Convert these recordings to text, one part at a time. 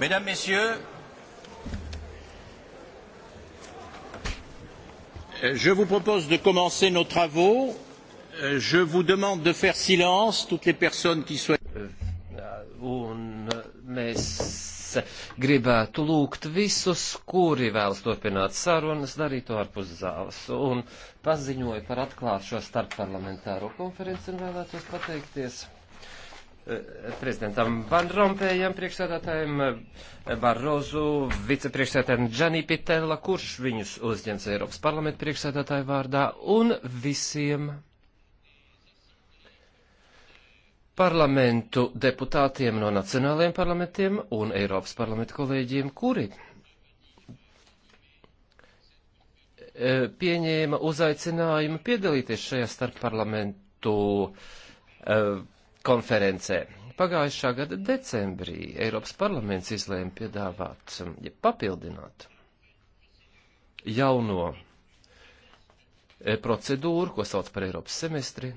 Mesdames, Messieurs, euh, je vous propose de commencer nos travaux. Euh, je vous demande de faire silence toutes les personnes qui souhaitent. Euh, un mēs gribētu lūgt visus, kuri vēlas turpināt sarunas, darīt to ārpus zāles. Un paziņoju par atklāto starpparlamentāro konferenci un vēlētos pateikties Eh, prezidentam Van Rompējam, priekšsēdētājiem eh, Barrozu, vicepriekšsēdētājiem Džanī Pitela, kurš viņus uzņems Eiropas parlamenta priekšsēdētāju vārdā, un visiem parlamentu deputātiem no nacionālajiem parlamentiem un Eiropas parlamenta kolēģiem, kuri eh, pieņēma uzaicinājumu piedalīties šajā starpparlamentu uh, konferencē. Pagājušā gada decembrī Eiropas parlaments izlēma piedāvāt, um, ja papildināt jauno e, procedūru, ko sauc par Eiropas semestri,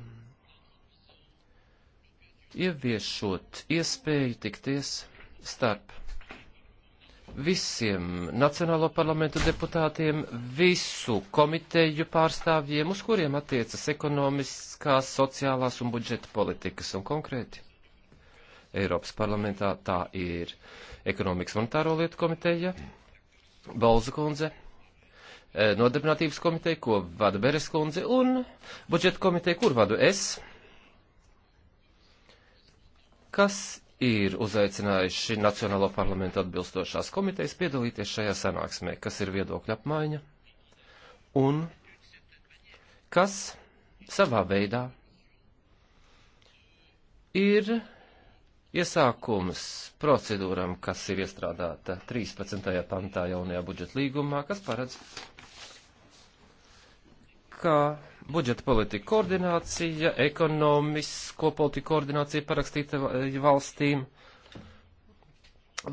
ieviešot iespēju tikties starp visiem Nacionālo parlamentu deputātiem, visu komiteju pārstāvjiem, uz kuriem attiecas ekonomiskās, sociālās un budžeta politikas un konkrēti. Eiropas parlamentā tā ir ekonomikas monetāro lietu komiteja, Balza kundze, e, nodarbinātības komiteja, ko vada Beres kundze, un budžeta komiteja, kur vadu es, kas ir uzaicinājuši Nacionālo parlamentu atbilstošās komitejas piedalīties šajā sanāksmē, kas ir viedokļa apmaiņa un kas savā veidā ir iesākums procedūram, kas ir iestrādāta 13. pantā jaunajā budžeta līgumā, kas paredz, ka budžeta politika koordinācija, ekonomisko politiku koordinācija parakstīta eh, valstīm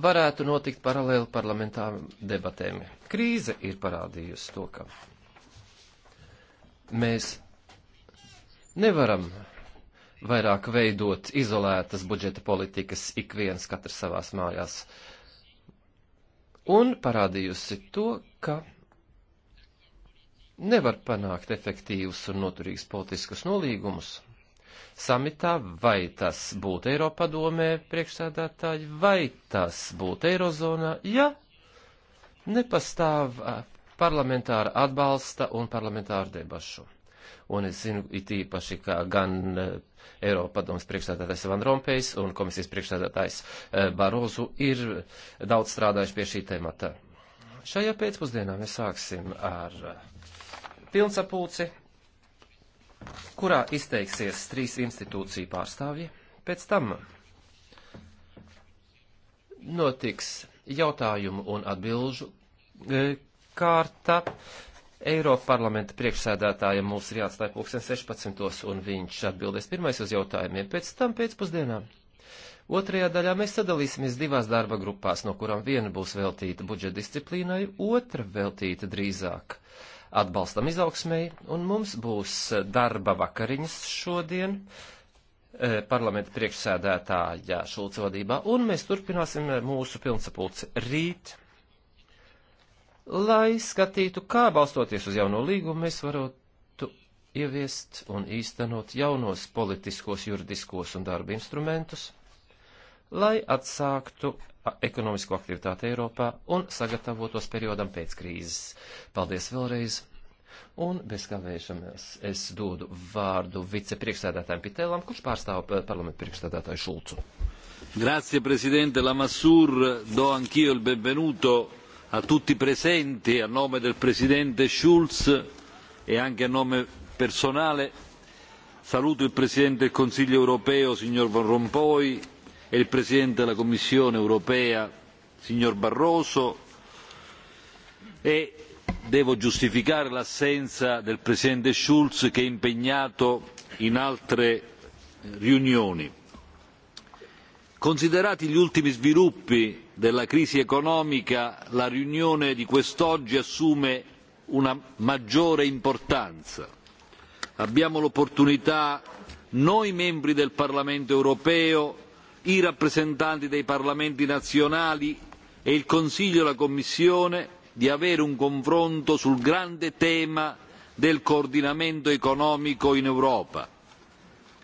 varētu notikt paralēli parlamentām debatēm. Krīze ir parādījusi to, ka mēs nevaram vairāk veidot izolētas budžeta politikas ik viens katrs savās mājās. Un parādījusi to, ka nevar panākt efektīvus un noturīgus politiskus nolīgumus. Samitā vai tas būtu Eiropadomē priekšsēdētāji, vai tas būtu Eirozonā, ja nepastāv eh, parlamentāra atbalsta un parlamentāra debašu. Un es zinu, it īpaši, ka gan eh, Eiropadomas priekšsēdētājs Van Rompējs un komisijas priekšsēdētājs eh, Barozu ir daudz strādājuši pie šī temata. Šajā pēcpusdienā mēs sāksim ar pilnsapulci, kurā izteiksies trīs institūciju pārstāvji. Pēc tam notiks jautājumu un atbilžu e, kārta. Eiropa parlamenta priekšsēdētājiem mūs ir jāatstāja pulksten 16. un viņš atbildēs pirmais uz jautājumiem, pēc tam pēcpusdienā. Otrajā daļā mēs sadalīsimies divās darba grupās, no kurām viena būs veltīta budžeta disciplīnai, otra veltīta drīzāk uh, atbalstam izaugsmēji, un mums būs eh, darba vakariņas šodien eh, parlamenta priekšsēdētāja Šulca vadībā, un mēs turpināsim eh, mūsu pilnsapulci rīt, lai skatītu, kā balstoties uz jauno līgumu mēs varētu ieviest un īstenot jaunos politiskos, juridiskos un darba instrumentus, lai atsāktu ekonomisko aktivitāti Eiropā un sagatavotos periodam pēc krīzes. Paldies vēlreiz! Un bez kavēšanās es dodu vārdu vicepriekšstādātājiem Pitēlam, kurš pārstāv parlamentu priekšstādātāju Šulcu. Grazie, prezidente Lamassur, do anch'io il benvenuto a tutti presenti a nome del presidente Schulz e anche a nome personale. Saluto il presidente del Consiglio europeo, signor Van Rompuy, e il Presidente della Commissione europea, signor Barroso, e devo giustificare l'assenza del Presidente Schulz che è impegnato in altre eh, riunioni. Considerati gli ultimi sviluppi della crisi economica, la riunione di quest'oggi assume una maggiore importanza. Abbiamo l'opportunità, noi membri del Parlamento europeo, i rappresentanti dei parlamenti nazionali e il Consiglio e la Commissione di avere un confronto sul grande tema del coordinamento economico in Europa.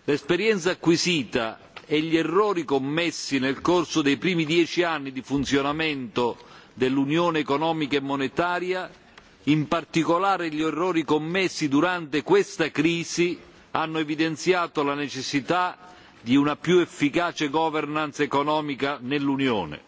L'esperienza acquisita e gli errori commessi nel corso dei primi dieci anni di funzionamento dell'Unione economica e monetaria, in particolare gli errori commessi durante questa crisi, hanno evidenziato la necessità di una più efficace governance economica nell'unione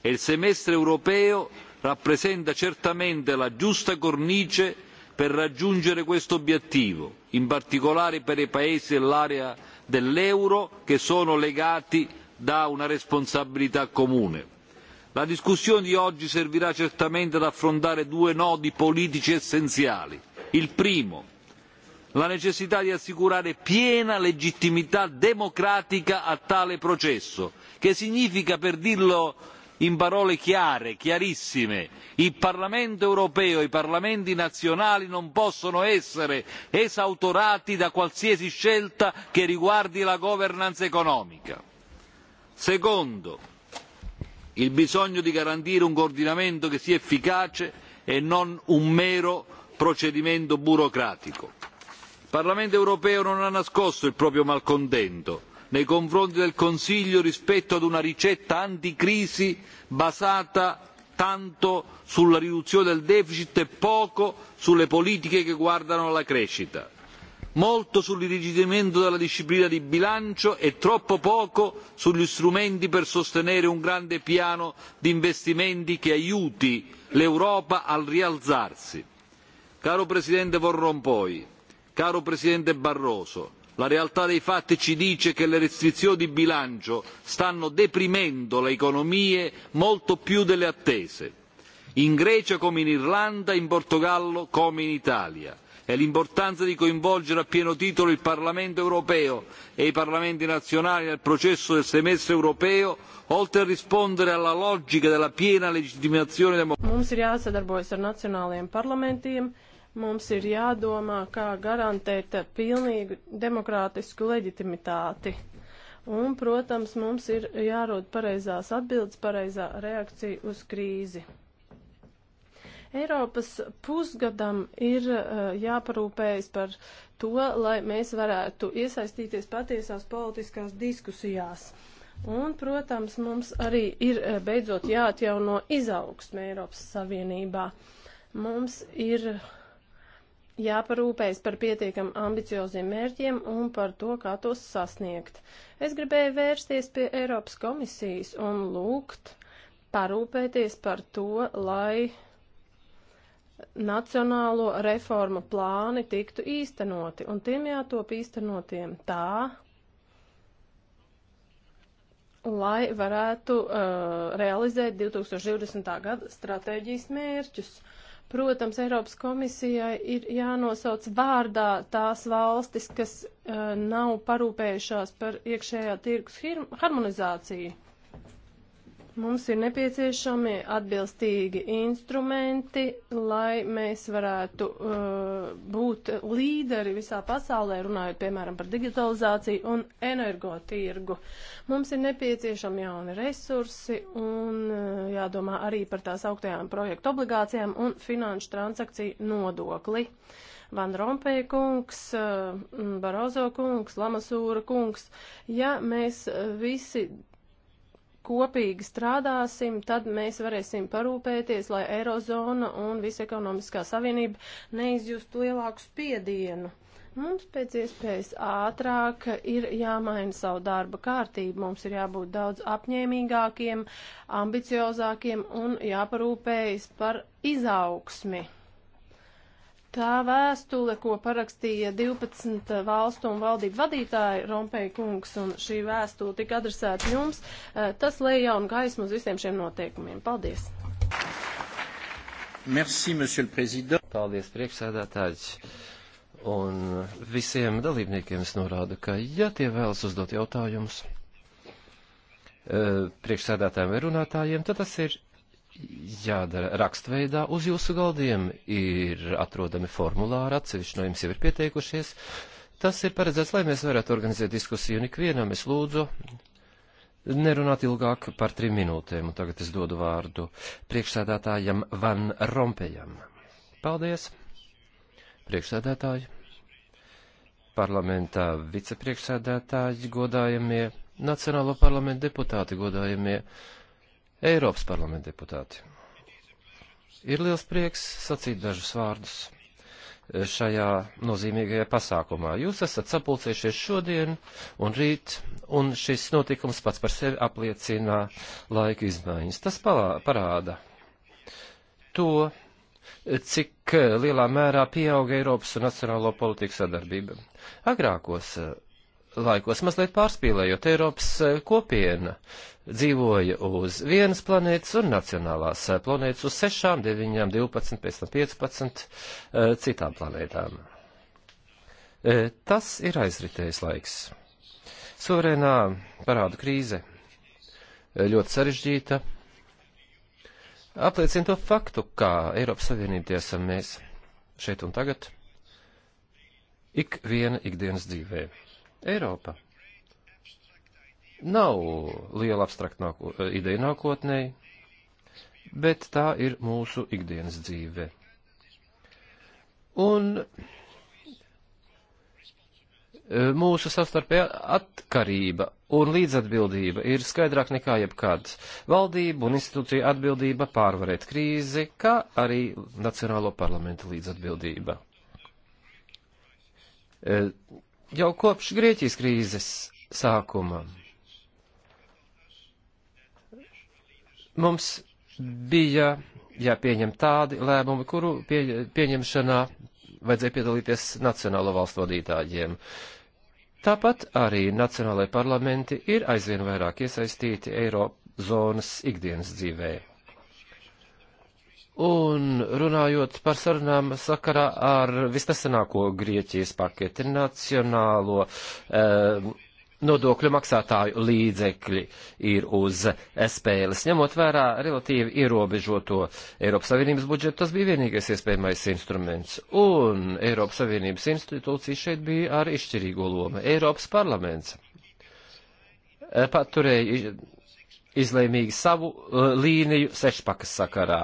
e il semestre europeo rappresenta certamente la giusta cornice per raggiungere questo obiettivo in particolare per i paesi dell'area dell'euro che sono legati da una responsabilità comune. la discussione di oggi servirà certamente ad affrontare due nodi politici essenziali il primo la necessità di assicurare piena legittimità democratica a tale processo che significa per dirlo in parole chiare chiarissime il parlamento europeo e i parlamenti nazionali non possono essere esautorati da qualsiasi scelta che riguardi la governance economica. secondo il bisogno di garantire un coordinamento che sia efficace e non un mero procedimento burocratico parlamento europeo non ha nascosto il proprio malcontento nei confronti del consiglio rispetto ad una ricetta anticrisi basata tanto sulla riduzione del deficit e poco sulle politiche che guardano alla crescita molto sull'irrigidimento della disciplina di bilancio e troppo poco sugli strumenti per sostenere un grande piano di investimenti che aiuti l'europa a rialzarsi. caro presidente van rompuy caro presidente barroso la realtà dei fatti ci dice che le restrizioni di bilancio stanno deprimendo le economie molto più delle attese in grecia come in irlanda in portogallo come in italia e l'importanza di coinvolgere a pieno titolo il parlamento europeo e i parlamenti nazionali nel processo del semestre europeo oltre a rispondere alla logica della piena legittimazione democratica Mums ir jādomā, kā garantēt pilnīgu demokrātisku leģitimitāti. Un, protams, mums ir jārod pareizās atbildes, pareizā reakcija uz krīzi. Eiropas pusgadam ir uh, jāparūpējas par to, lai mēs varētu iesaistīties patiesās politiskās diskusijās. Un, protams, mums arī ir eh, beidzot jāatjauno izaugsme Eiropas Savienībā. Mums ir uh, jāparūpējas par pietiekam ambicioziem mērķiem un par to, kā tos sasniegt. Es gribēju vērsties pie Eiropas komisijas un lūgt parūpēties par to, lai nacionālo reformu plāni tiktu īstenoti, un tiem jātop īstenotiem tā, lai varētu uh, realizēt 2020. gada stratēģijas mērķus. Uh, Protams, Eiropas komisijai ir jānosauc vārdā tās valstis, kas uh, nav parūpējušās par iekšējā tirgus harmonizāciju. Mums ir nepieciešami atbilstīgi instrumenti, lai mēs varētu uh, būt līderi visā pasaulē, runājot piemēram par digitalizāciju un energotirgu. Mums ir nepieciešami jauni resursi un uh, jādomā arī par tās augtajām projektu obligācijām un finanšu transakciju nodokli. Van Rompēja kungs, uh, Barozo kungs, Lamasūra kungs, ja mēs visi kopīgi strādāsim, tad mēs varēsim parūpēties, lai Eirozona un visa ekonomiskā savienība neizjust lielāku spiedienu. Mums pēc iespējas ātrāk ir jāmaina savu darba kārtību, mums ir jābūt daudz apņēmīgākiem, ambiciozākiem un jāparūpējas par izaugsmi. Tā vēstule, ko parakstīja 12 valstu un valdību vadītāji Rompēja kungs, un šī vēstule tika adresēta jums, eh, tas lej jaunu gaismu uz visiem šiem noteikumiem. Paldies! Merci, monsieur le président. Paldies, priekšsēdētājs. Un visiem dalībniekiem es norādu, ka, ja tie vēlas uzdot jautājumus eh, priekšsēdētājiem vai runātājiem, tad tas ir jādara rakstveidā. Uz jūsu galdiem ir atrodami formulāri, atsevišķi no jums jau ir pieteikušies. Tas ir paredzēts, lai mēs varētu organizēt diskusiju, un ikvienam es lūdzu nerunāt ilgāk par trim minūtēm, un tagad es dodu vārdu priekšsēdētājam Van Rompējam. Paldies, priekšsēdētāji, parlamentā vicepriekšsēdētāji, godājamie, Nacionālo parlamentu deputāti, godājamie Eiropas parlamenta deputāti. Ir liels prieks sacīt dažus vārdus e, šajā nozīmīgajā pasākumā. Jūs esat sapulcējušies šodien un rīt, un šis notikums pats par sevi apliecina laika izmaiņas. Tas palā, parāda to, cik e, lielā mērā pieauga Eiropas un nacionālo politiku sadarbība. Agrākos e, laikos, mazliet pārspīlējot, Eiropas kopiena dzīvoja uz vienas planētas un nacionālās eh, planētas uz sešām, deviņām, divpadsmit, pēc tam piecpadsmit eh, citām planētām. Eh, tas ir aizritējis laiks. Suverēnā parādu krīze ļoti sarežģīta. Apliecina to faktu, kā Eiropas Savienība tiesam mēs šeit un tagad, ik viena ikdienas dzīvē. Eiropa nav liela abstrakta nāko, eh, ideja nākotnē, bet tā ir mūsu ikdienas dzīve. Un eh, mūsu savstarpējā atkarība un līdzatbildība ir skaidrāk nekā jebkad. Valdība un institūcija atbildība pārvarēt krīzi, kā arī Nacionālo parlamentu līdzatbildība. Eh, jau kopš Grieķijas krīzes sākuma Mums bija jāpieņem tādi lēmumi, kuru pie, pieņemšanā vajadzēja piedalīties nacionālo valstu vadītājiem. Tāpat arī nacionālajie parlamenti ir aizvien vairāk iesaistīti Eirozonas ikdienas dzīvē. Un runājot par sarunām sakarā ar visnesenāko Grieķijas paketi, nacionālo eh, nodokļu maksātāju līdzekļi ir uz spēles. Ņemot vērā relatīvi ierobežoto Eiropas Savienības budžetu, tas bija vienīgais iespējamais instruments. Un Eiropas Savienības institūcija šeit bija ar izšķirīgo lomu. Eiropas parlaments eh, paturēja izlēmīgi savu eh, līniju sešpakas sakarā.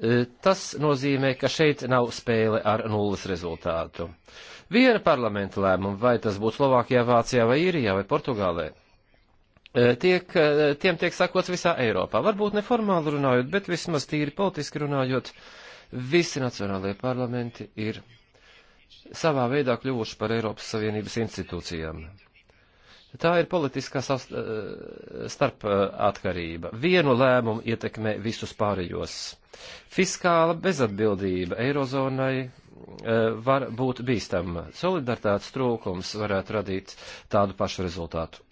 Eh, tas nozīmē, ka šeit nav spēle ar nulles rezultātu viena parlamenta lēmuma, vai tas būtu Slovākijā, Vācijā vai Īrijā vai Portugālē. E, tiek, e, tiem tiek sakots visā Eiropā. Varbūt neformāli runājot, bet vismaz tīri politiski runājot, visi nacionālajie parlamenti ir savā veidā kļuvuši par Eiropas Savienības institūcijām. Tā ir politiskā eh, starp eh, atkarība. Vienu lēmumu ietekmē visus pārējos. Fiskāla bezatbildība Eirozonai eh, var būt bīstama. Solidaritātes trūkums varētu radīt tādu pašu rezultātu.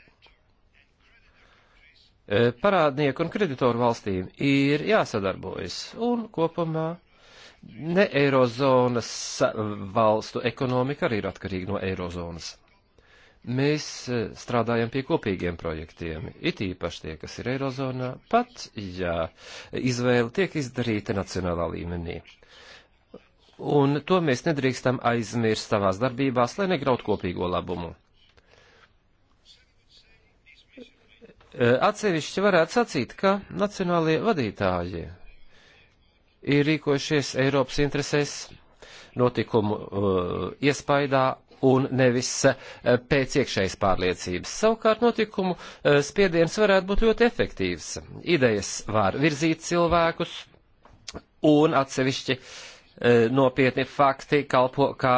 Parādnieku un kreditoru valstīm ir jāsadarbojas un kopumā ne Eirozonas valstu ekonomika arī ir atkarīga no Eirozonas mēs e, strādājam pie kopīgiem projektiem, it īpaši tie, kas ir Eirozonā, pat ja izvēle tiek izdarīta nacionālā līmenī. Un to mēs nedrīkstam aizmirst savās darbībās, lai negraut kopīgo labumu. E, atsevišķi varētu sacīt, ka nacionālie vadītāji ir rīkojušies Eiropas interesēs notikumu uh, iespaidā un nevis eh, pēc iekšējas pārliecības. Savukārt notikumu eh, spiediens varētu būt ļoti efektīvs. Idejas var virzīt cilvēkus un atsevišķi eh, nopietni fakti kalpo kā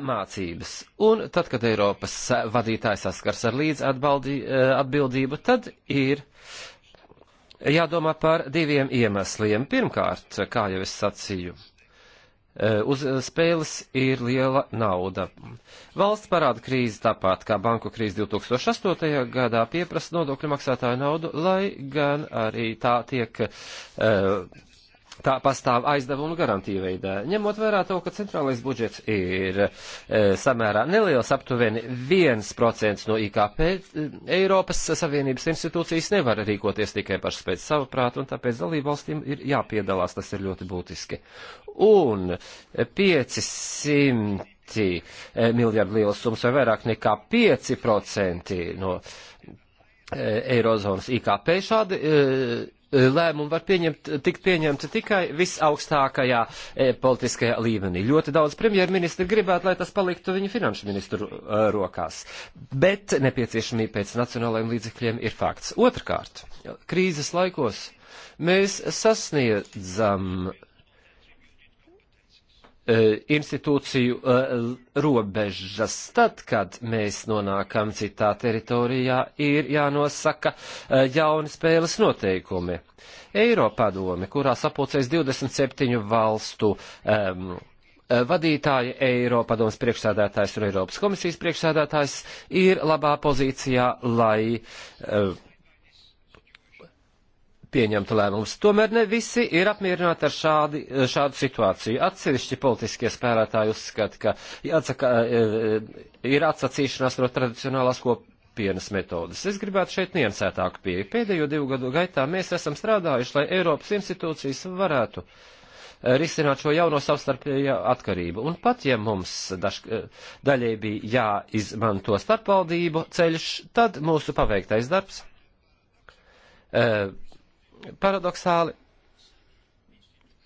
mācības. Un tad, kad Eiropas vadītājs saskars ar līdz atbaldi, atbildību, tad ir jādomā par diviem iemesliem. Pirmkārt, kā jau es sacīju, Eh, uz eh, spēles ir liela nauda. Valsts parāda krīze tāpat kā banku krīze 2008. gadā pieprasa nodokļu maksātāju naudu, lai gan arī tā tiek uh, tā pastāv aizdevumu garantija veidā. Ņemot vērā to, ka centrālais budžets ir e, samērā neliels, aptuveni 1% no IKP, e, Eiropas Savienības institūcijas nevar rīkoties tikai pašas pēc savu prātu, un tāpēc dalību valstīm ir jāpiedalās, tas ir ļoti būtiski. Un 500 e, miljardu lielas summas vai vairāk nekā 5% no e, Eirozonas IKP šādi Eh, lēmumi var pieņemt, tikt pieņemti tikai visaugstākajā eh, politiskajā līmenī. Ļoti daudz premjerministri gribētu, lai tas paliktu viņu finanšu ministru eh, rokās, bet nepieciešamība pēc nacionālajiem līdzekļiem ir fakts. Otrkārt, krīzes laikos mēs sasniedzam E, institūciju e, robežas. Tad, kad mēs nonākam citā teritorijā, ir jānosaka e, jauni spēles noteikumi. Eiropadome, kurā sapulcēs 27 valstu um, vadītāji, Eiropadomas priekšsēdētājs un Eiropas komisijas priekšsēdētājs, ir labā pozīcijā, lai um, pieņemtu lēmumus. Tomēr ne visi ir apmierināti ar šādi, šādu situāciju. Atsevišķi politiskie spēlētāji uzskata, ka jāatsaka, e, e, ir atsacīšanās no tradicionālās kopienas metodas. Es gribētu šeit niansētāku pieeju. Pēdējo divu gadu gaitā mēs esam strādājuši, lai Eiropas institūcijas varētu e, risināt šo jauno savstarpējo atkarību. Un pat, ja mums daž, daļai bija jāizmanto starpvaldību ceļš, tad mūsu paveiktais darbs paradoxāli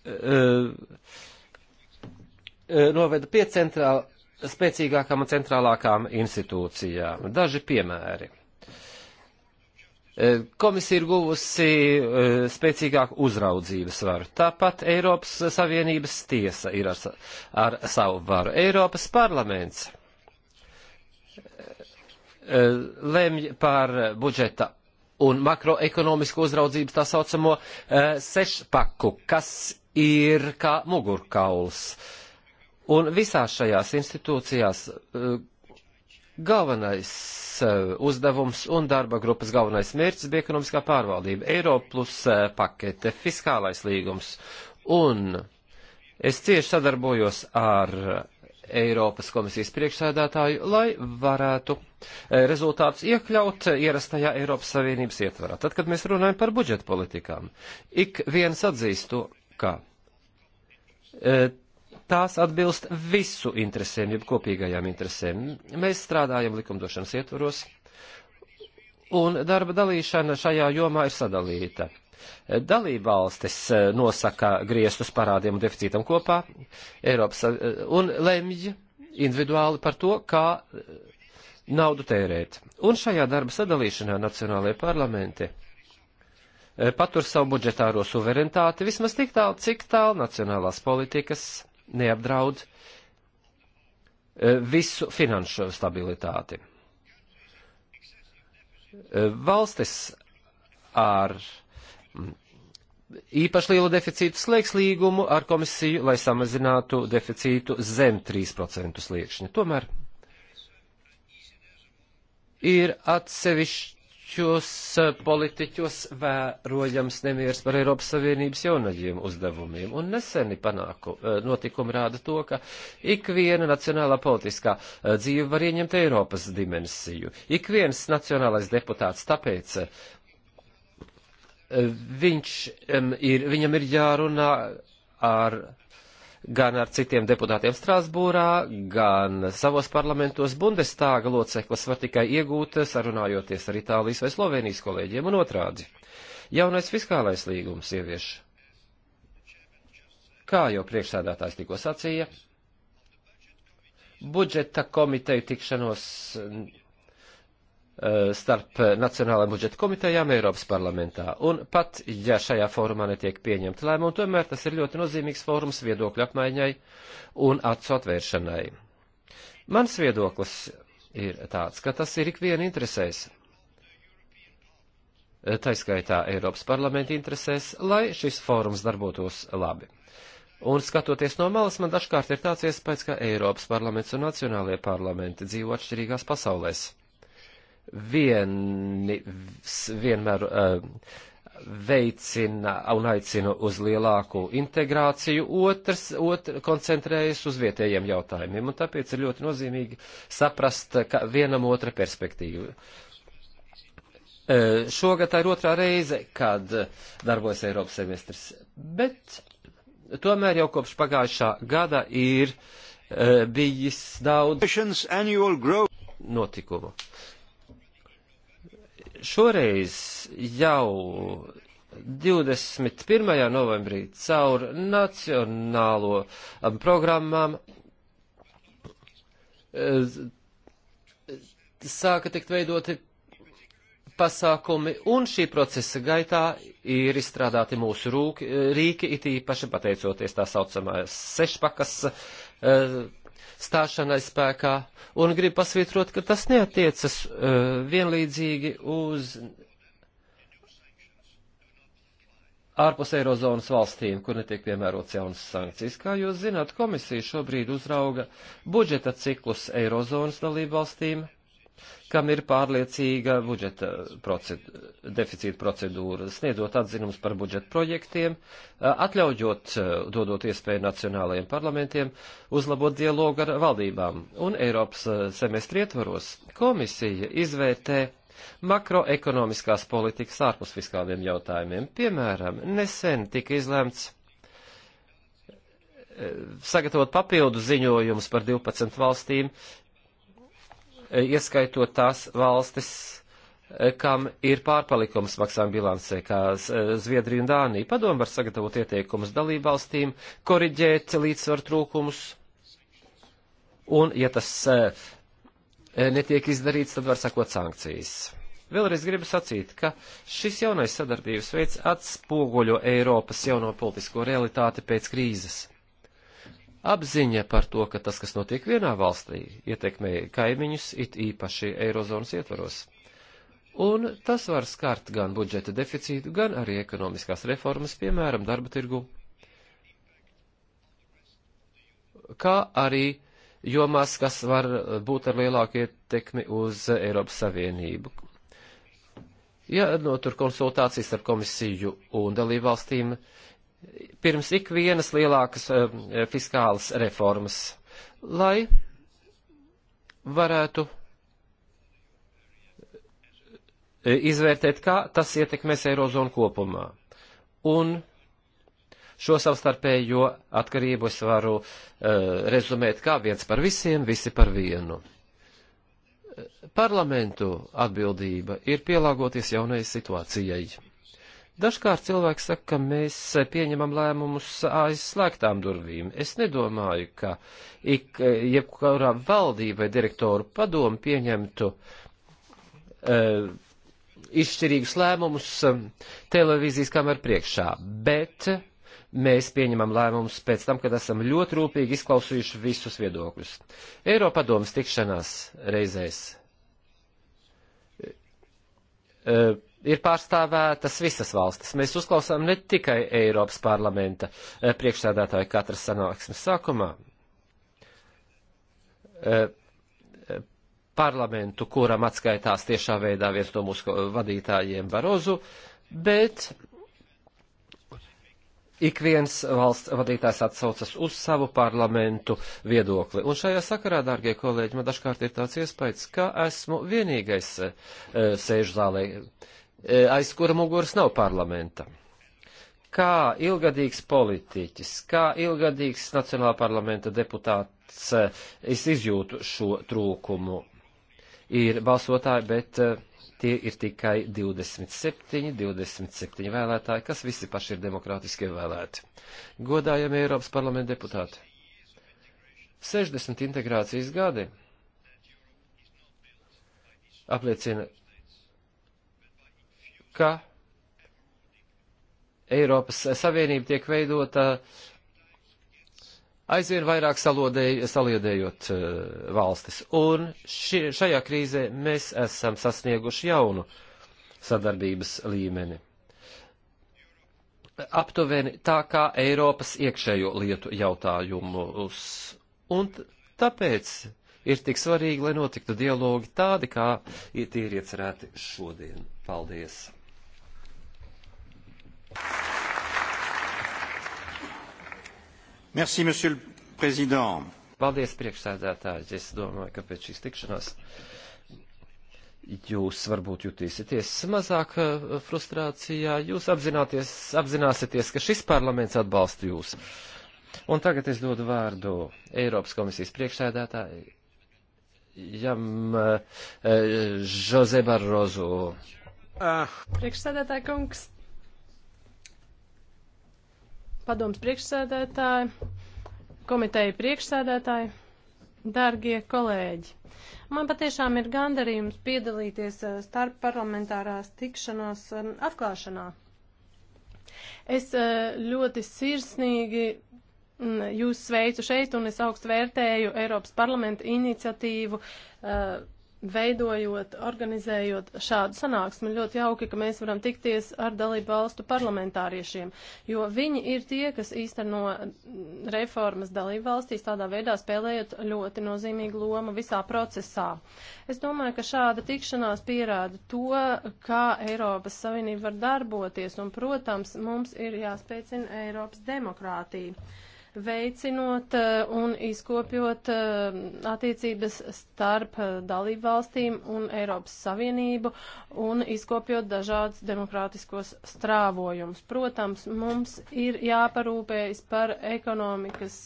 e, e, noveda pie centrāla, spēcīgākām un centrālākām institūcijām. Daži piemēri. E, komisija ir guvusi spēcīgāku uzraudzības varu. Tāpat Eiropas Savienības tiesa ir ar, ar savu varu. Eiropas parlaments lemj par budžeta un makroekonomisku uzraudzību tā saucamo e, sešpaku, kas ir kā mugurkauls. Un visās šajās institūcijās e, galvenais e, uzdevums un darba grupas galvenais mērķis bija ekonomiskā pārvaldība, eiro plus pakete, fiskālais līgums. Un es cieši sadarbojos ar Eiropas komisijas priekšsēdētāju, lai varētu Eh, rezultātus iekļaut ierastajā Eiropas Savienības ietvarā. Tad, kad mēs runājam par budžeta politikām, ik viens atzīst to, ka eh, tās atbilst visu interesēm, jeb kopīgajām interesēm. Mēs strādājam likumdošanas ietvaros, un darba dalīšana šajā jomā ir sadalīta. Eh, dalībvalstis nosaka griestus parādiem un deficītam kopā, Eiropas un lemj individuāli par to, kā naudu tērēt. Un šajā darba sadalīšanā nacionālajie parlamenti eh, patur savu budžetāro suverenitāti vismaz tik tālu, cik tālu nacionālās politikas neapdraud eh, visu finanšu stabilitāti. Eh, valstis ar mm, īpaši lielu deficītu slēgs līgumu ar komisiju, lai samazinātu deficītu zem 3% sliekšņa. Tomēr ir atsevišķos eh, politiķos vērojams nemieris par Eiropas Savienības jaunajiem uzdevumiem. Un neseni panāku eh, notikumi rāda to, ka ik viena nacionālā politiskā eh, dzīve var ieņemt Eiropas dimensiju. Ik viens nacionālais deputāts tāpēc viņš um, ir, viņam ir jārunā ar gan ar citiem deputātiem Strāsbūrā, gan savos parlamentos Bundestāga loceklis var tikai iegūt sarunājoties ar Itālijas vai Slovenijas kolēģiem un otrādi. Jaunais fiskālais līgums ievieš. Kā jau priekšsēdētājs tikko sacīja, budžeta komiteju tikšanos Eh, starp Nacionālajām budžeta komitejām Eiropas parlamentā. Un pat, ja šajā fórumā netiek pieņemta lēmuma, tomēr tas ir ļoti nozīmīgs fórums viedokļu apmaiņai un acu atvēršanai. Mans viedoklis ir tāds, ka tas ir ikviena interesēs. Eh, Taiskaitā Eiropas parlamenta interesēs, lai šis fórums darbotos labi. Un skatoties no malas, man dažkārt ir tāds iespējas, ka Eiropas parlaments un nacionālajie parlamenti dzīvo atšķirīgās pasaulēs vieni, vienmēr uh, veicina un aicina uz lielāku integrāciju, otrs otr, koncentrējas uz vietējiem jautājumiem, un tāpēc ir ļoti nozīmīgi saprast vienam otra perspektīvu. Uh, šogad tā ir otrā reize, kad darbojas Eiropas semestris, bet tomēr jau kopš pagājušā gada ir uh, bijis daudz notikumu. Šoreiz jau 21. novembrī caur nacionālo um, programmām eh, sāka tikt veidoti pasākumi, un šī procesa gaitā ir izstrādāti mūsu rūki, rīki, it īpaši pateicoties tā saucamā sešpakas eh, stāšanai spēkā, un gribu pasvītrot, ka tas neatiecas uh, vienlīdzīgi uz ārpus Eirozonas valstīm, kur netiek piemērots jaunas sankcijas. Kā jūs zināt, komisija šobrīd uzrauga budžeta ciklus Eirozonas dalību valstīm, kam ir pārliecīga budžeta procedūra, deficīta procedūra, sniedzot atzinums par budžeta projektiem, atļaujot, dodot iespēju nacionālajiem parlamentiem uzlabot dialogu ar valdībām. Un Eiropas semestri ietvaros komisija izvērtē makroekonomiskās politikas ārpus fiskāliem jautājumiem. Piemēram, nesen tika izlēmts sagatavot papildu ziņojumus par 12 valstīm, ieskaitot tās valstis, eh, kam ir pārpalikums maksājuma bilancē, kā eh, Zviedrija un Dānija. Padomu var sagatavot ieteikumus dalībvalstīm, koriģēt līdzsvaru trūkumus, un, ja tas eh, netiek izdarīts, tad var sakot sankcijas. Vēlreiz gribu sacīt, ka šis jaunais sadarbības veids atspoguļo Eiropas jauno politisko realitāti pēc krīzes apziņa par to, ka tas, kas notiek vienā valstī, ietekmē kaimiņus, it īpaši eirozonas ietvaros. Un tas var skart gan budžeta deficītu, gan arī ekonomiskās reformas, piemēram, darba tirgu, kā arī jomās, kas var būt ar lielāku ietekmi uz Eiropas Savienību. Ja notur konsultācijas ar komisiju un dalībvalstīm, pirms ikvienas lielākas eh, eh, fiskālas reformas, lai varētu eh, izvērtēt, kā tas ietekmēs Eirozonu kopumā. Un šo savstarpējo atkarību es varu uh, rezumēt kā viens par visiem, visi par vienu. Parlamentu atbildība ir pielāgoties jaunai situācijai. Dažkārt cilvēki saka, ka mēs pieņemam lēmumus aizslēgtām durvīm. Es nedomāju, ka ik, jebkurā valdība vai direktoru padomu pieņemtu uh, izšķirīgus lēmumus e, televīzijas kameru priekšā, bet mēs pieņemam lēmumus pēc tam, kad esam ļoti rūpīgi izklausījuši visus viedokļus. Eiropadomas tikšanās reizēs. Uh, ir pārstāvētas visas valstis. Mēs uzklausām ne tikai Eiropas parlamenta eh, priekšsēdētāju katras sanāksmes sākumā, eh, parlamentu, kuram atskaitās tiešā veidā viens no mūsu vadītājiem Barozu, bet ik viens valsts vadītājs atsaucas uz savu parlamentu viedokli. Un šajā sakarā, dārgie kolēģi, man dažkārt ir tāds iespējas, ka esmu vienīgais eh, sēžu zālē, E, aiz kura muguras nav parlamenta. Kā ilgadīgs politiķis, kā ilgadīgs Nacionālā parlamenta deputāts, e, es izjūtu šo trūkumu. Ir balsotāji, bet e, tie ir tikai 27, 27 vēlētāji, kas visi paši ir demokrātiski vēlēti. Godājami Eiropas parlamenta deputāti. 60 integrācijas gadi apliecina ka Eiropas Savienība tiek veidota aizvien vairāk salodēj, saliedējot eh, valstis. Un šie, šajā krīzē mēs esam sasnieguši jaunu sadarbības līmeni. Aptuveni tā kā Eiropas iekšējo lietu jautājumus. Un tāpēc ir tik svarīgi, lai notiktu dialogi tādi, kā tie ir iecerēti šodien. Paldies! Merci, monsieur le président. Paldies, priekšsēdētāji. Es domāju, ka pēc šīs tikšanās jūs varbūt jutīsieties mazāk eh, frustrācijā, jūs apzināsieties, ka šis parlaments atbalsta jūs. Un tagad es dodu vārdu Eiropas komisijas priekšsēdētājam eh, eh, Jose Barrozu. Ah. Priekšsēdētāja kungs, padoms priekšsēdētāji, komiteja priekšsēdētāji, dārgie kolēģi. Man patiešām ir gandarījums piedalīties eh, starp parlamentārās tikšanās eh, atklāšanā. Es eh, ļoti sirsnīgi mm, jūs sveicu šeit un es augstu vērtēju Eiropas parlamenta iniciatīvu uh, veidojot, organizējot šādu sanāksmi, ļoti jauki, ka mēs varam tikties ar dalību valstu parlamentāriešiem, jo viņi ir tie, kas īsteno reformas dalību valstīs, tādā veidā spēlējot ļoti nozīmīgu lomu visā procesā. Es domāju, ka šāda tikšanās pierāda to, kā Eiropas Savienība var darboties, un, protams, mums ir jāspēcina Eiropas demokrātija veicinot eh, un izkopjot eh, attiecības starp eh, dalību valstīm un Eiropas Savienību un izkopjot dažādus demokrātiskos strāvojumus. Protams, mums ir jāparūpējas par ekonomikas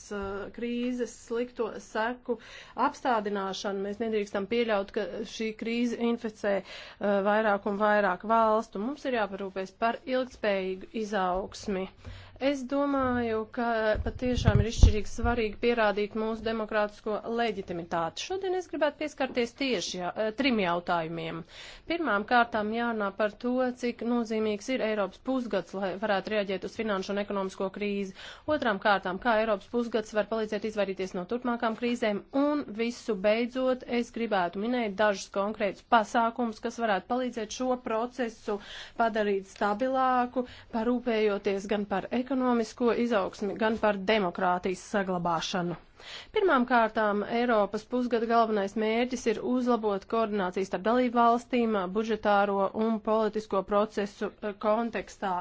krīzes slikto seku apstādināšanu. Mēs nedrīkstam pieļaut, ka šī krīze inficē vairāk un vairāk valstu. Mums ir jāparūpējas par ilgspējīgu izaugsmi. Uh, Es domāju, ka patiešām ir izšķirīgi svarīgi pierādīt mūsu demokrātisko leģitimitāti. Šodien es gribētu pieskarties tieši jā, eh, trim jautājumiem. Pirmām kārtām jārunā par to, cik nozīmīgs ir Eiropas pusgads, lai varētu rēģēt uz finanšu un ekonomisko krīzi. Otrām kārtām, kā Eiropas pusgads var palīdzēt izvairīties no turpmākām krīzēm. Un visu beidzot, es gribētu minēt dažus konkrētus pasākumus, kas varētu palīdzēt šo procesu padarīt stabilāku, parūpējoties gan par ekonomiku, ekonomisko izaugsmi, gan par demokrātijas saglabāšanu. Pirmām kārtām Eiropas pusgada galvenais mērķis ir uzlabot koordinācijas starp dalību valstīm budžetāro un politisko procesu kontekstā.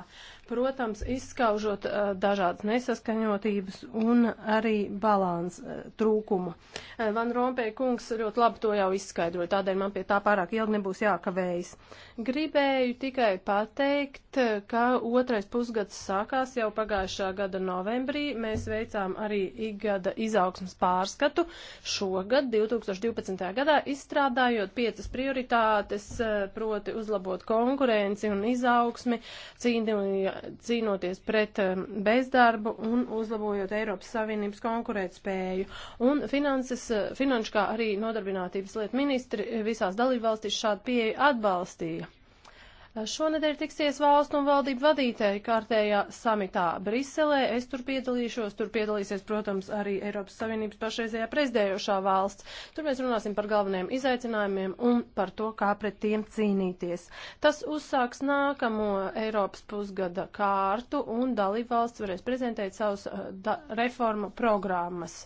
Protams, izskaužot dažādas nesaskaņotības un arī balans trūkumu. Van Rompēja kungs ļoti labi to jau izskaidroja, tādēļ man pie tā pārāk ilgi nebūs jākavējas. Gribēju tikai pateikt, ka otrais pusgads sākās jau pagājušā gada novembrī. Mēs veicām arī ikgada izaugsmu izaugsmas pārskatu šogad, 2012. gadā, izstrādājot piecas prioritātes, eh, proti uzlabot konkurenci un izaugsmi, cīnoties pret eh, bezdarbu un uzlabojot Eiropas Savienības konkurētspēju. Un finanses, eh, finanšu, kā arī nodarbinātības lietu ministri visās dalībvalstīs šādu pieeju atbalstīja. Šonadēļ tiksies valstu un valdību vadītāji kārtējā samitā Briselē. Es tur piedalīšos, tur piedalīsies, protams, arī Eiropas Savienības pašreizējā prezidējošā valsts. Tur mēs runāsim par galvenajiem izaicinājumiem un par to, kā pret tiem cīnīties. Tas uzsāks nākamo Eiropas pusgada kārtu un dalību valsts varēs prezentēt savus reformu programmas.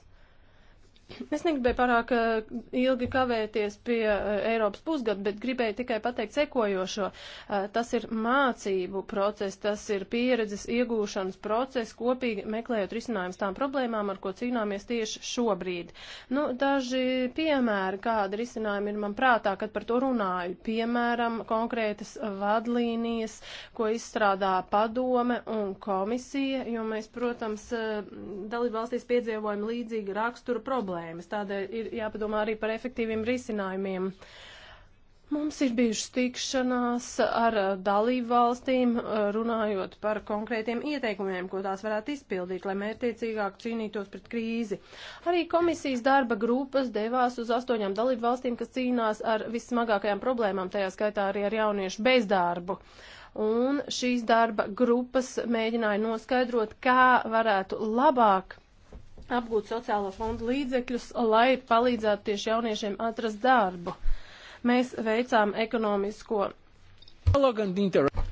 Es negribēju pārāk eh, ilgi kavēties pie eh, Eiropas pusgada, bet gribēju tikai pateikt sekojošo. Eh, tas ir mācību process, tas ir pieredzes iegūšanas process, kopīgi meklējot risinājums tām problēmām, ar ko cīnāmies tieši šobrīd. Nu, daži piemēri, kāda risinājuma ir man prātā, kad par to runāju. Piemēram, konkrētas vadlīnijas, ko izstrādā padome un komisija, jo mēs, protams, dalībvalstīs piedzīvojam līdzīgi rakstura problēmu problēmas. Tādēļ ir jāpadomā arī par efektīviem risinājumiem. Mums ir bijušas tikšanās ar uh, dalību valstīm, uh, runājot par konkrētiem ieteikumiem, ko tās varētu izpildīt, lai mērtiecīgāk cīnītos pret krīzi. Arī komisijas darba grupas devās uz astoņām dalību valstīm, kas cīnās ar vissmagākajām problēmām, tajā skaitā arī ar jauniešu bezdarbu un šīs darba grupas mēģināja noskaidrot, kā varētu labāk apgūt sociālo fondu līdzekļus, lai palīdzētu tieši jauniešiem atrast darbu. Mēs veicām ekonomisko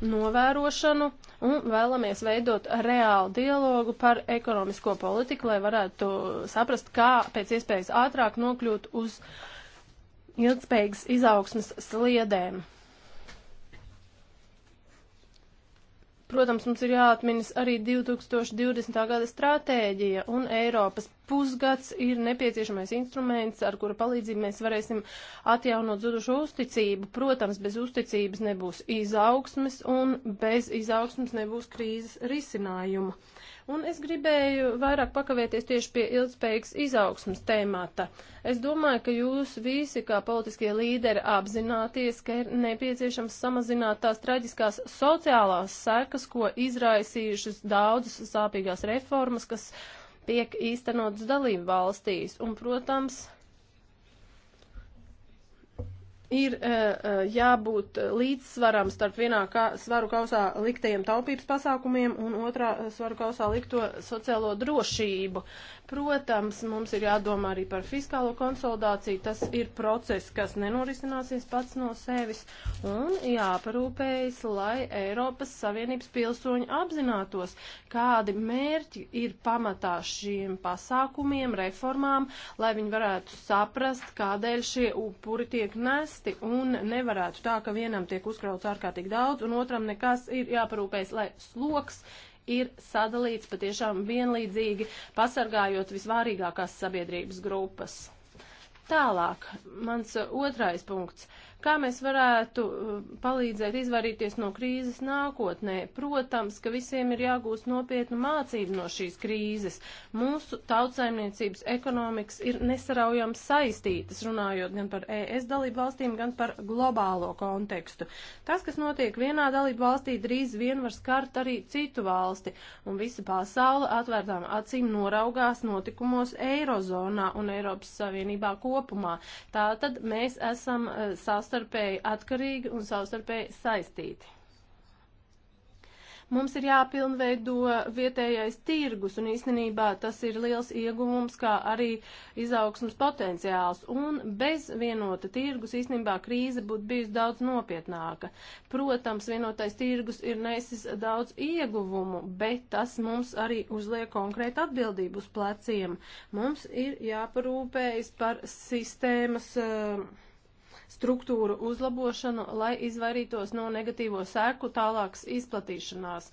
novērošanu un vēlamies veidot reālu dialogu par ekonomisko politiku, lai varētu saprast, kā pēc iespējas ātrāk nokļūt uz ilgspējīgas izaugsmas sliedēm. Protams, mums ir jāatminas arī 2020. gada stratēģija, un Eiropas pusgads ir nepieciešamais instruments, ar kura palīdzību mēs varēsim atjaunot zudušo uzticību. Protams, bez uzticības nebūs izaugsmes, un bez izaugsmes nebūs krīzes risinājuma. Un es gribēju vairāk pakavēties tieši pie ilgspējīgas izaugsmas tēmata. Es domāju, ka jūs visi kā politiskie līderi apzināties, ka ir nepieciešams samazināt tās traģiskās sociālās sekas, ko izraisījušas daudzas sāpīgās reformas, kas tiek īstenotas dalību valstīs. Un, protams, ir uh, jābūt eh, līdzsvaram starp vienā kā, svaru kausā liktajiem taupības pasākumiem un otrā svaru kausā likto sociālo drošību. Protams, mums ir jādomā arī par fiskālo konsolidāciju. Tas ir process, kas nenorisināsies pats no sevis un jāparūpējas, lai Eiropas Savienības pilsoņi apzinātos, kādi mērķi ir pamatā šiem pasākumiem, reformām, lai viņi varētu saprast, kādēļ šie upuri tiek nesti un nevarētu tā, ka vienam tiek uzkrauts ārkārtīgi daudz un otram nekas ir jāparūpējas, lai sloks ir sadalīts patiešām vienlīdzīgi, pasargājot visvārīgākās sabiedrības grupas. Tālāk, mans otrais punkts. Uh, Kā mēs varētu uh, palīdzēt izvairīties no krīzes nākotnē? Protams, ka visiem ir jāgūst nopietnu mācību no šīs krīzes. Mūsu tautsaimniecības ekonomikas ir nesaraujami saistītas, runājot gan par ES dalību valstīm, gan par globālo kontekstu. Tas, kas notiek vienā dalību valstī, drīz vien var skart arī citu valsti, un visa pasaule atvērtām acīm noraugās notikumos Eirozonā un Eiropas Savienībā kopumā. Tātad mēs esam uh, sasniegti savstarpēji atkarīgi un savstarpēji saistīti. Mums ir jāpilnveido vietējais tirgus, un īstenībā tas ir liels ieguvums, kā arī izaugsmas potenciāls. Un bez vienota tirgus īstenībā krīze būtu bijusi daudz nopietnāka. Protams, vienotais tirgus ir nesis daudz ieguvumu, bet tas mums arī uzliek konkrētu atbildību uz pleciem. Mums ir jāparūpējas par sistēmas. Uh, struktūru uzlabošanu, lai izvairītos no negatīvo sēku tālākas izplatīšanās.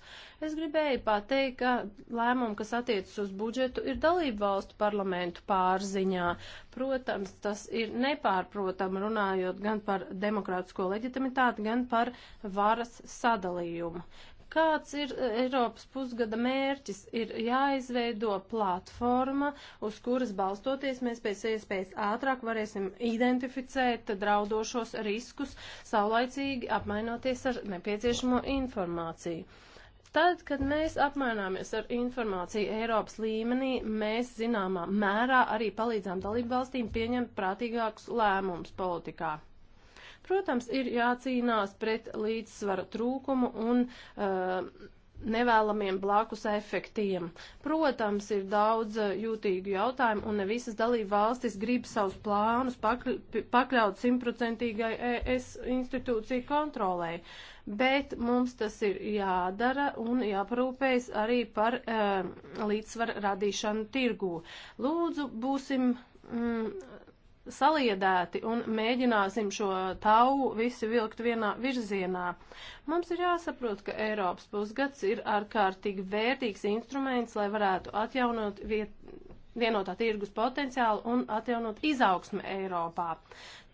Es gribēju pateikt, ka lēmumi, kas attiecas uz budžetu, ir dalību valstu parlamentu pārziņā. Protams, tas ir nepārprotam runājot gan par demokrātisko leģitimitāti, gan par varas sadalījumu. Kāds ir eh, Eiropas pusgada mērķis? Ir jāizveido platforma, uz kuras balstoties mēs pēc iespējas ātrāk varēsim identificēt draudošos riskus, saulaicīgi apmainoties ar nepieciešamo informāciju. Tad, kad mēs apmaināmies ar informāciju Eiropas līmenī, mēs zināmā mērā arī palīdzām dalību valstīm pieņemt prātīgākus lēmumus politikā. Protams, ir jācīnās pret līdzsvara trūkumu un uh, nevēlamiem blakus efektiem. Protams, ir daudz uh, jūtīgu jautājumu, un ne visas dalība valstis grib savus plānus pakļaut simtprocentīgai ES institūciju kontrolē. Bet mums tas ir jādara un jāparūpējas arī par e, uh, līdzsvaru radīšanu tirgū. Lūdzu, būsim mm, saliedēti un mēģināsim šo tauku visi vilkt vienā virzienā. Mums ir jāsaprot, ka Eiropas pusgads ir ārkārtīgi vērtīgs instruments, lai varētu atjaunot viet, vienotā tirgus potenciālu un atjaunot izaugsmu Eiropā.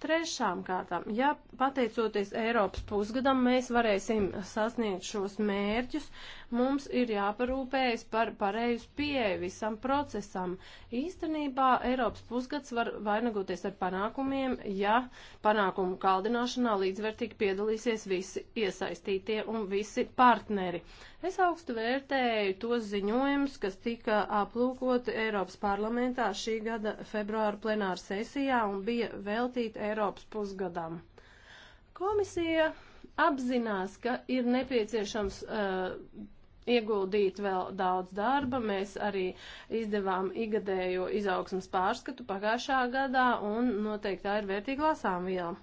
Trešām kārtām, ja pateicoties Eiropas pusgadam mēs varēsim sasniegt šos mērķus, mums ir jāparūpējas par pareizu pieeju visam procesam. Īstenībā Eiropas pusgads var vainagoties ar panākumiem, ja panākumu kaldināšanā līdzvērtīgi piedalīsies visi iesaistītie un visi partneri. Es augstu vērtēju tos ziņojumus, kas tika aplūkoti Eiropas parlamentā šī gada februāra plenāra sesijā un bija veltīti Eiropas. Eiropas pusgadam. Komisija apzinās, ka ir nepieciešams uh, ieguldīt vēl daudz darba. Mēs arī izdevām igadējo izaugsmas pārskatu pagājušā gadā un noteikti tā ir vērtīga lasām viela.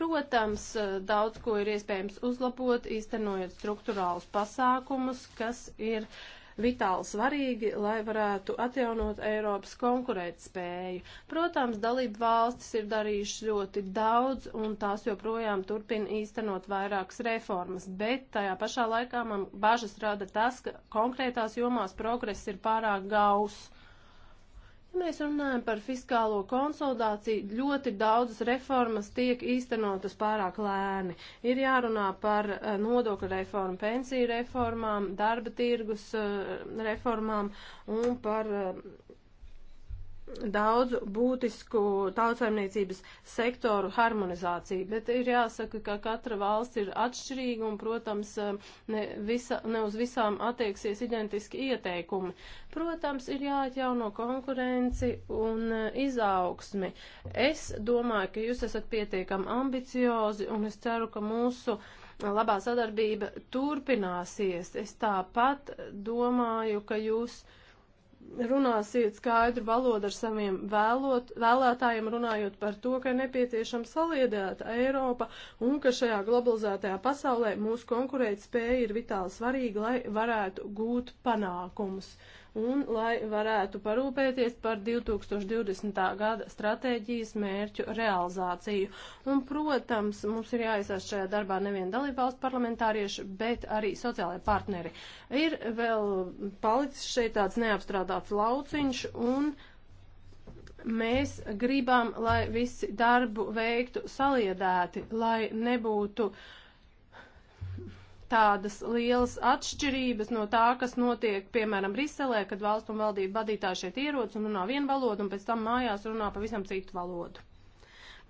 Protams, uh, daudz ko ir iespējams uzlabot, īstenojot struktūrālus pasākumus, kas ir uh, vitāli svarīgi, lai varētu atjaunot Eiropas konkurētspēju. Protams, dalību valstis ir darījušas ļoti daudz, un tās joprojām turpina īstenot vairākas reformas, bet tajā pašā laikā man bažas rada tas, ka konkrētās jomās progress ir pārāk gauss. Mēs runājam par fiskālo konsolidāciju. Ļoti daudzas reformas tiek īstenotas pārāk lēni. Ir jārunā par eh, nodokļu reformu, pensiju reformām, darba tirgus eh, reformām un par eh, daudzu būtisku tautsaimniecības sektoru harmonizāciju, bet ir jāsaka, ka katra valsts ir atšķirīga un, protams, ne, visa, ne uz visām attieksies identiski ieteikumi. Protams, ir jāatjauno konkurenci un eh, izaugsmi. Es domāju, ka jūs esat pietiekami ambiciozi un es ceru, ka mūsu labā sadarbība turpināsies. Es tāpat domāju, ka jūs. Uh, runāsiet skaidru valodu ar saviem vēlot, vēlētājiem, runājot par to, ka ir nepieciešama saliedēta Eiropa un ka šajā globalizētajā pasaulē mūsu konkurētspēja ir vitāli svarīga, lai varētu gūt panākumus un lai varētu parūpēties par 2020. gada stratēģijas mērķu realizāciju. Un, protams, mums ir jāiesaist šajā darbā nevien dalībvalstu parlamentārieši, bet arī sociālai partneri. Ir vēl palicis šeit tāds neapstrādāts lauciņš un mēs gribam, lai visi darbu veiktu saliedēti, lai nebūtu uh, tādas lielas atšķirības no tā, kas notiek, piemēram, Briselē, kad valstu un valdību vadītāji šeit ierodas un runā vienu valodu, un pēc tam mājās runā pavisam citu valodu.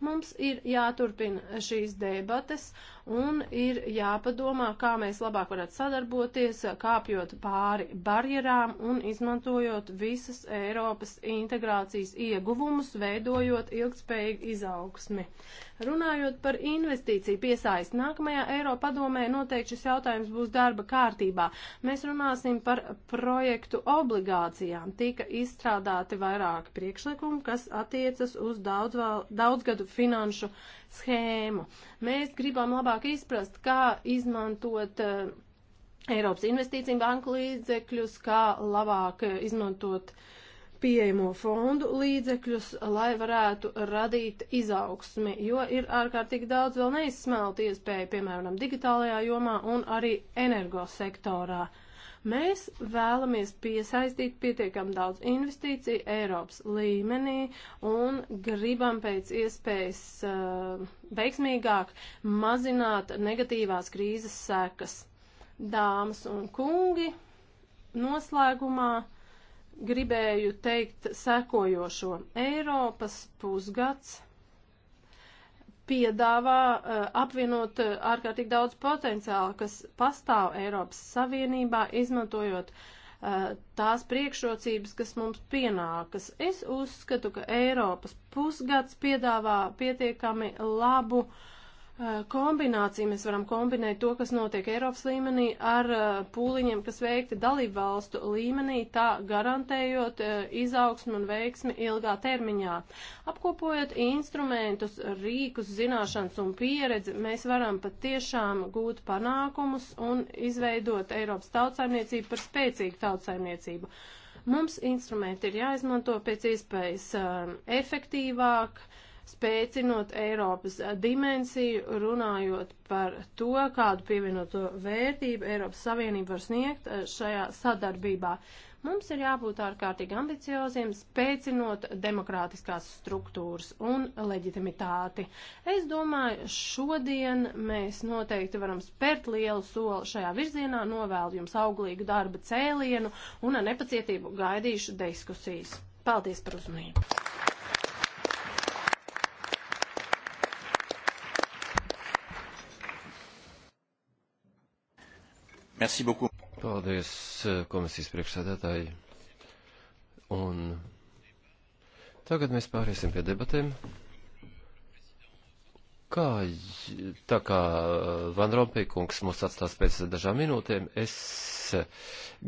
Mums ir jāturpina šīs debates, un ir jāpadomā, kā mēs labāk varētu sadarboties, kāpjot pāri barjerām un izmantojot visas Eiropas integrācijas ieguvumus, veidojot ilgspējīgu izaugsmi. Runājot par investīciju piesaist, nākamajā Eiropa padomē noteikti šis jautājums būs darba kārtībā. Mēs runāsim par projektu obligācijām. Tika izstrādāti vairāki priekšlikumi, kas attiecas uz daudz, vēl, daudzgadu finanšu schēmu. Mēs gribam labāk izprast, kā izmantot uh, Eiropas investīciju banku līdzekļus, kā labāk izmantot pieejamo fondu līdzekļus, lai varētu radīt izaugsmi, jo ir ārkārtīgi daudz vēl neizsmelti iespēju, piemēram, digitālajā jomā un arī energosektorā. sektorā Mēs vēlamies piesaistīt pietiekam daudz investīciju Eiropas līmenī un gribam pēc iespējas uh, veiksmīgāk mazināt negatīvās krīzes sekas. Dāmas un kungi, noslēgumā gribēju teikt sekojošo. Eiropas pusgads piedāvā uh, apvienot eh, ārkārtīgi daudz potenciālu, kas pastāv Eiropas Savienībā, izmantojot uh, tās priekšrocības, kas mums pienākas. Es uzskatu, ka Eiropas pusgads piedāvā pietiekami labu uh, Eh, kombināciju. Mēs varam kombinēt to, kas notiek Eiropas līmenī ar eh, pūliņiem, kas veikti dalību valstu līmenī, tā garantējot eh, izaugsmu un veiksmi ilgā termiņā. Apkopojot instrumentus, rīkus, zināšanas un pieredzi, mēs varam patiešām gūt panākumus un izveidot Eiropas tautsaimniecību par spēcīgu tautsaimniecību. Mums instrumenti ir jāizmanto pēc iespējas efektīvāk, spēcinot Eiropas dimensiju, runājot par to, kādu pievienoto vērtību Eiropas Savienība var sniegt eh, šajā sadarbībā. Mums ir jābūt ārkārtīgi ambicioziem, spēcinot demokrātiskās struktūras un leģitimitāti. Es domāju, šodien mēs noteikti varam spērt lielu soli šajā virzienā, novēlu jums auglīgu darba cēlienu un ar nepacietību gaidīšu diskusijas. Paldies par uzmanību! Merci beaucoup. Paldies, eh, komisijas priekšsēdētāji. Un tagad mēs pāriesim pie debatēm kā, tā kā eh, Van Rompīkungs mūs atstās pēc dažām minūtēm, es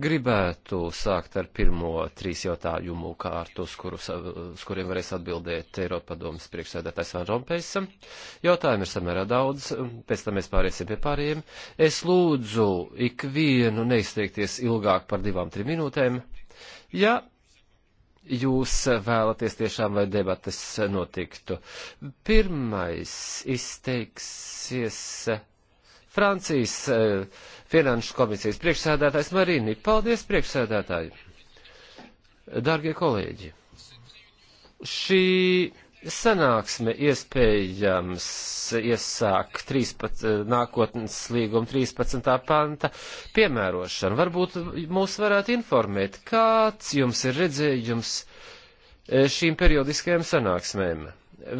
gribētu sākt ar pirmo trīs jautājumu kārtus, kurus, uz kuriem varēs atbildēt Eiropadomas priekšsēdētājs Van Rompējs. Jautājumi ir samērā daudz, pēc tam mēs pāriesim pie pārējiem. Es lūdzu ikvienu neizteikties ilgāk par divām, trim minūtēm. Ja jūs vēlaties tiešām, lai debates notiktu. Pirmais izteiksies Francijas eh, finanšu komisijas priekšsēdētājs Marīni. Paldies, priekšsēdētāji! Dargie kolēģi! Šī sanāksme iespējams iesāk 13, nākotnes līguma 13. panta piemērošanu. Varbūt mūs varētu informēt, kāds jums ir redzējums e, šīm periodiskajām sanāksmēm. E,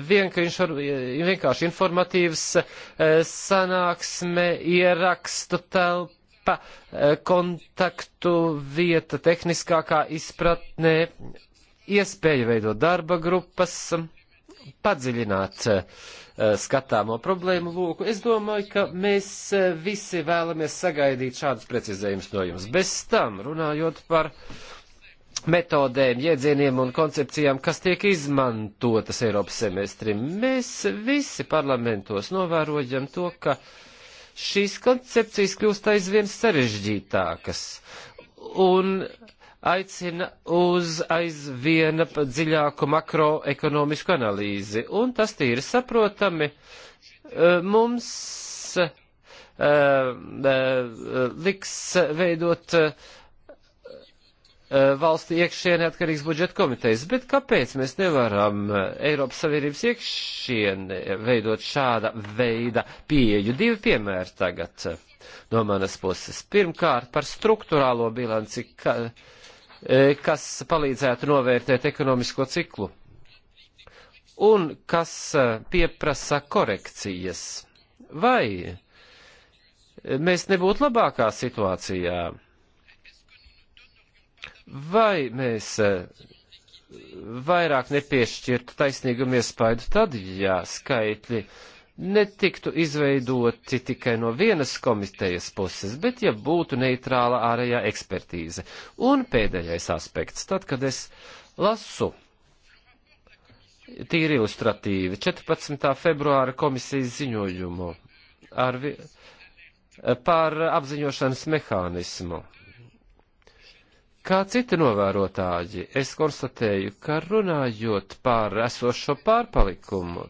vienkārši informatīvas e, sanāksme, ierakstu telpa, kontaktu vieta tehniskākā izpratnē, iespēja veidot darba grupas, padziļināt eh, skatāmo problēmu lūku. Es domāju, ka mēs eh, visi vēlamies sagaidīt šādus precizējumus no jums. Bez tam, runājot par metodēm, jēdzieniem un koncepcijām, kas tiek izmantotas Eiropas semestrim, mēs visi parlamentos novērojam to, ka šīs koncepcijas kļūst aizvien sarežģītākas. Un aicina uz aizviena dziļāku makroekonomisku analīzi, un tas tīri saprotami e, mums e, e, liks veidot valsti iekšienē atkarīgs budžeta komitejas. Bet kāpēc mēs nevaram Eiropas Savienības iekšienē veidot šāda veida pieeju? Divi piemēri tagad no manas puses. Pirmkārt, par struktūrālo bilanci. Ka, uh, E, kas palīdzētu novērtēt ekonomisko ciklu un kas e, pieprasa korekcijas. Vai mēs nebūtu labākā situācijā? Vai mēs e, vairāk nepiešķirtu taisnīgumu iespaidu tad, ja skaitļi uh, netiktu izveidoti tikai no vienas komitejas puses, bet ja būtu neitrāla ārējā ekspertīze. Un pēdējais aspekts, tad, kad es lasu tīri ilustratīvi 14. februāra komisijas ziņojumu ar, vi, par apziņošanas mehānismu. Kā citi novērotāji, es konstatēju, ka runājot par esošo pārpalikumu,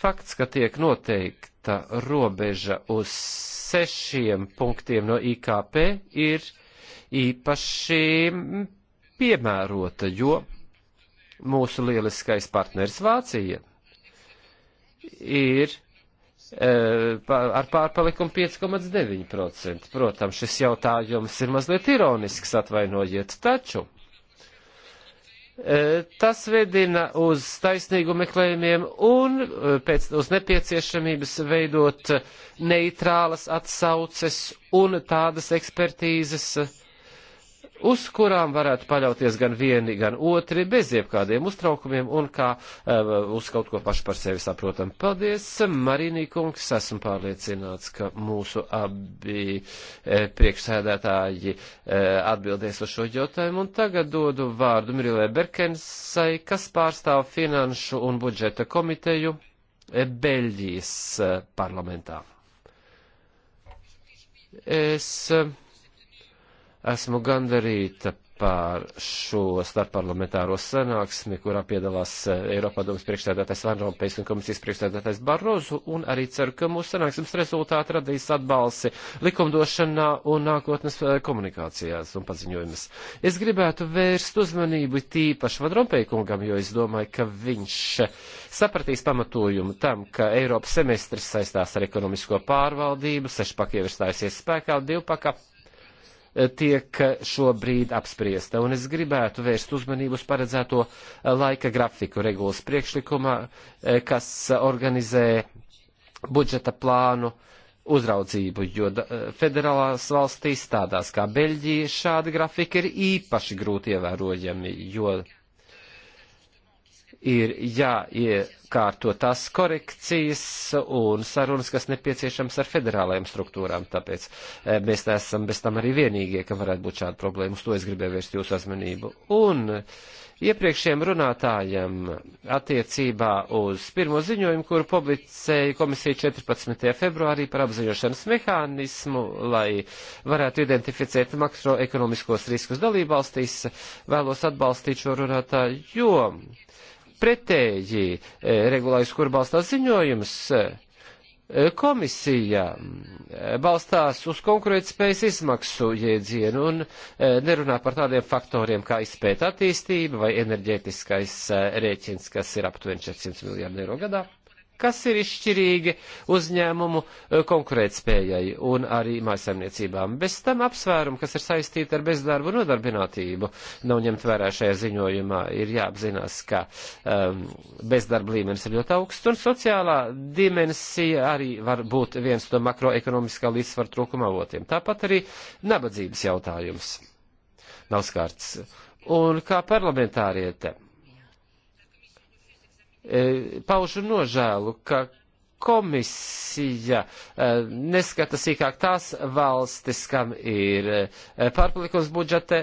Fakts, ka tiek noteikta robeža uz sešiem punktiem no IKP, ir īpaši piemērota, jo mūsu lieliskais partners Vācija ir e, ar pārpalikumu 5,9%. Protams, šis jautājums ir mazliet ironisks, atvainojiet, taču E, tas vedina uz taisnīgu meklējumiem un e, pēc, uz nepieciešamības veidot neitrālas atsauces un tādas ekspertīzes, uz kurām varētu paļauties gan vieni, gan otri, bez jebkādiem uztraukumiem un kā uh, uz kaut ko pašu par sevi saprotam. Paldies, Marīnī kungs, esmu pārliecināts, ka mūsu abi uh, priekšsēdētāji uh, atbildēs uz šo jautājumu. Un tagad dodu vārdu Mirilē Berkensai, kas pārstāv Finanšu un budžeta komiteju Beļģijas parlamentā. Es uh, Esmu gandarīta par šo starpparlamentāro sanāksmi, kurā piedalās eh, Eiropadomas priekšstādātais Van Rompējs un komisijas priekšstādātais Barrozu, un arī ceru, ka mūsu sanāksmes rezultāti radīs atbalsi likumdošanā un nākotnes eh, komunikācijās un paziņojumus. Es gribētu vērst uzmanību tīpaši Van Rompējkungam, jo es domāju, ka viņš eh, sapratīs pamatojumu tam, ka Eiropas semestris saistās ar ekonomisko pārvaldību, sešpak ievirstājusies spēkā, divpaka tiek šobrīd apspriesta, un es gribētu vērst uzmanību uz paredzēto laika grafiku regulas priekšlikumā, eh, kas organizē budžeta plānu uzraudzību, jo eh, federālās valstīs tādās kā Beļģija šādi grafiki ir īpaši grūti ievērojami, jo ir jāiekārto tās korekcijas un sarunas, kas nepieciešams ar federālajām struktūrām. Tāpēc eh, mēs neesam bez tam arī vienīgie, ka varētu būt šāda problēma. Uz to es gribēju vērst jūsu uzmanību. Un eh, iepriekšējiem runātājiem attiecībā uz pirmo ziņojumu, kuru publicēja komisija 14. februārī par apziņošanas mehānismu, lai varētu identificēt makroekonomiskos riskus dalībvalstīs, vēlos atbalstīt šo runātāju, jo pretēji e, regulējums, kur balstās ziņojums, e, komisija e, balstās uz konkurētspējas izmaksu jēdzienu un nerunā par tādiem faktoriem kā izpēta attīstība vai enerģētiskais rēķins, kas ir aptuveni 400 miljārdu eiro gadā kas ir izšķirīgi uzņēmumu e, konkurētspējai un arī mājasemniecībām. Bez tam apsvērumu, kas ir saistīti ar bezdarbu un nodarbinātību, nav ņemt vērā šajā ziņojumā. Ir jāapzinās, ka um, bezdarba līmenis ir ļoti augsts un sociālā dimensija arī var būt viens no makroekonomiskā līdzsvara trūkuma avotiem. Tāpat arī nabadzības jautājums nav skārts. Un kā parlamentāriete E, paužu nožēlu, ka komisija e, neskata sīkāk tās valstis, kam ir e, pārpalikums budžete.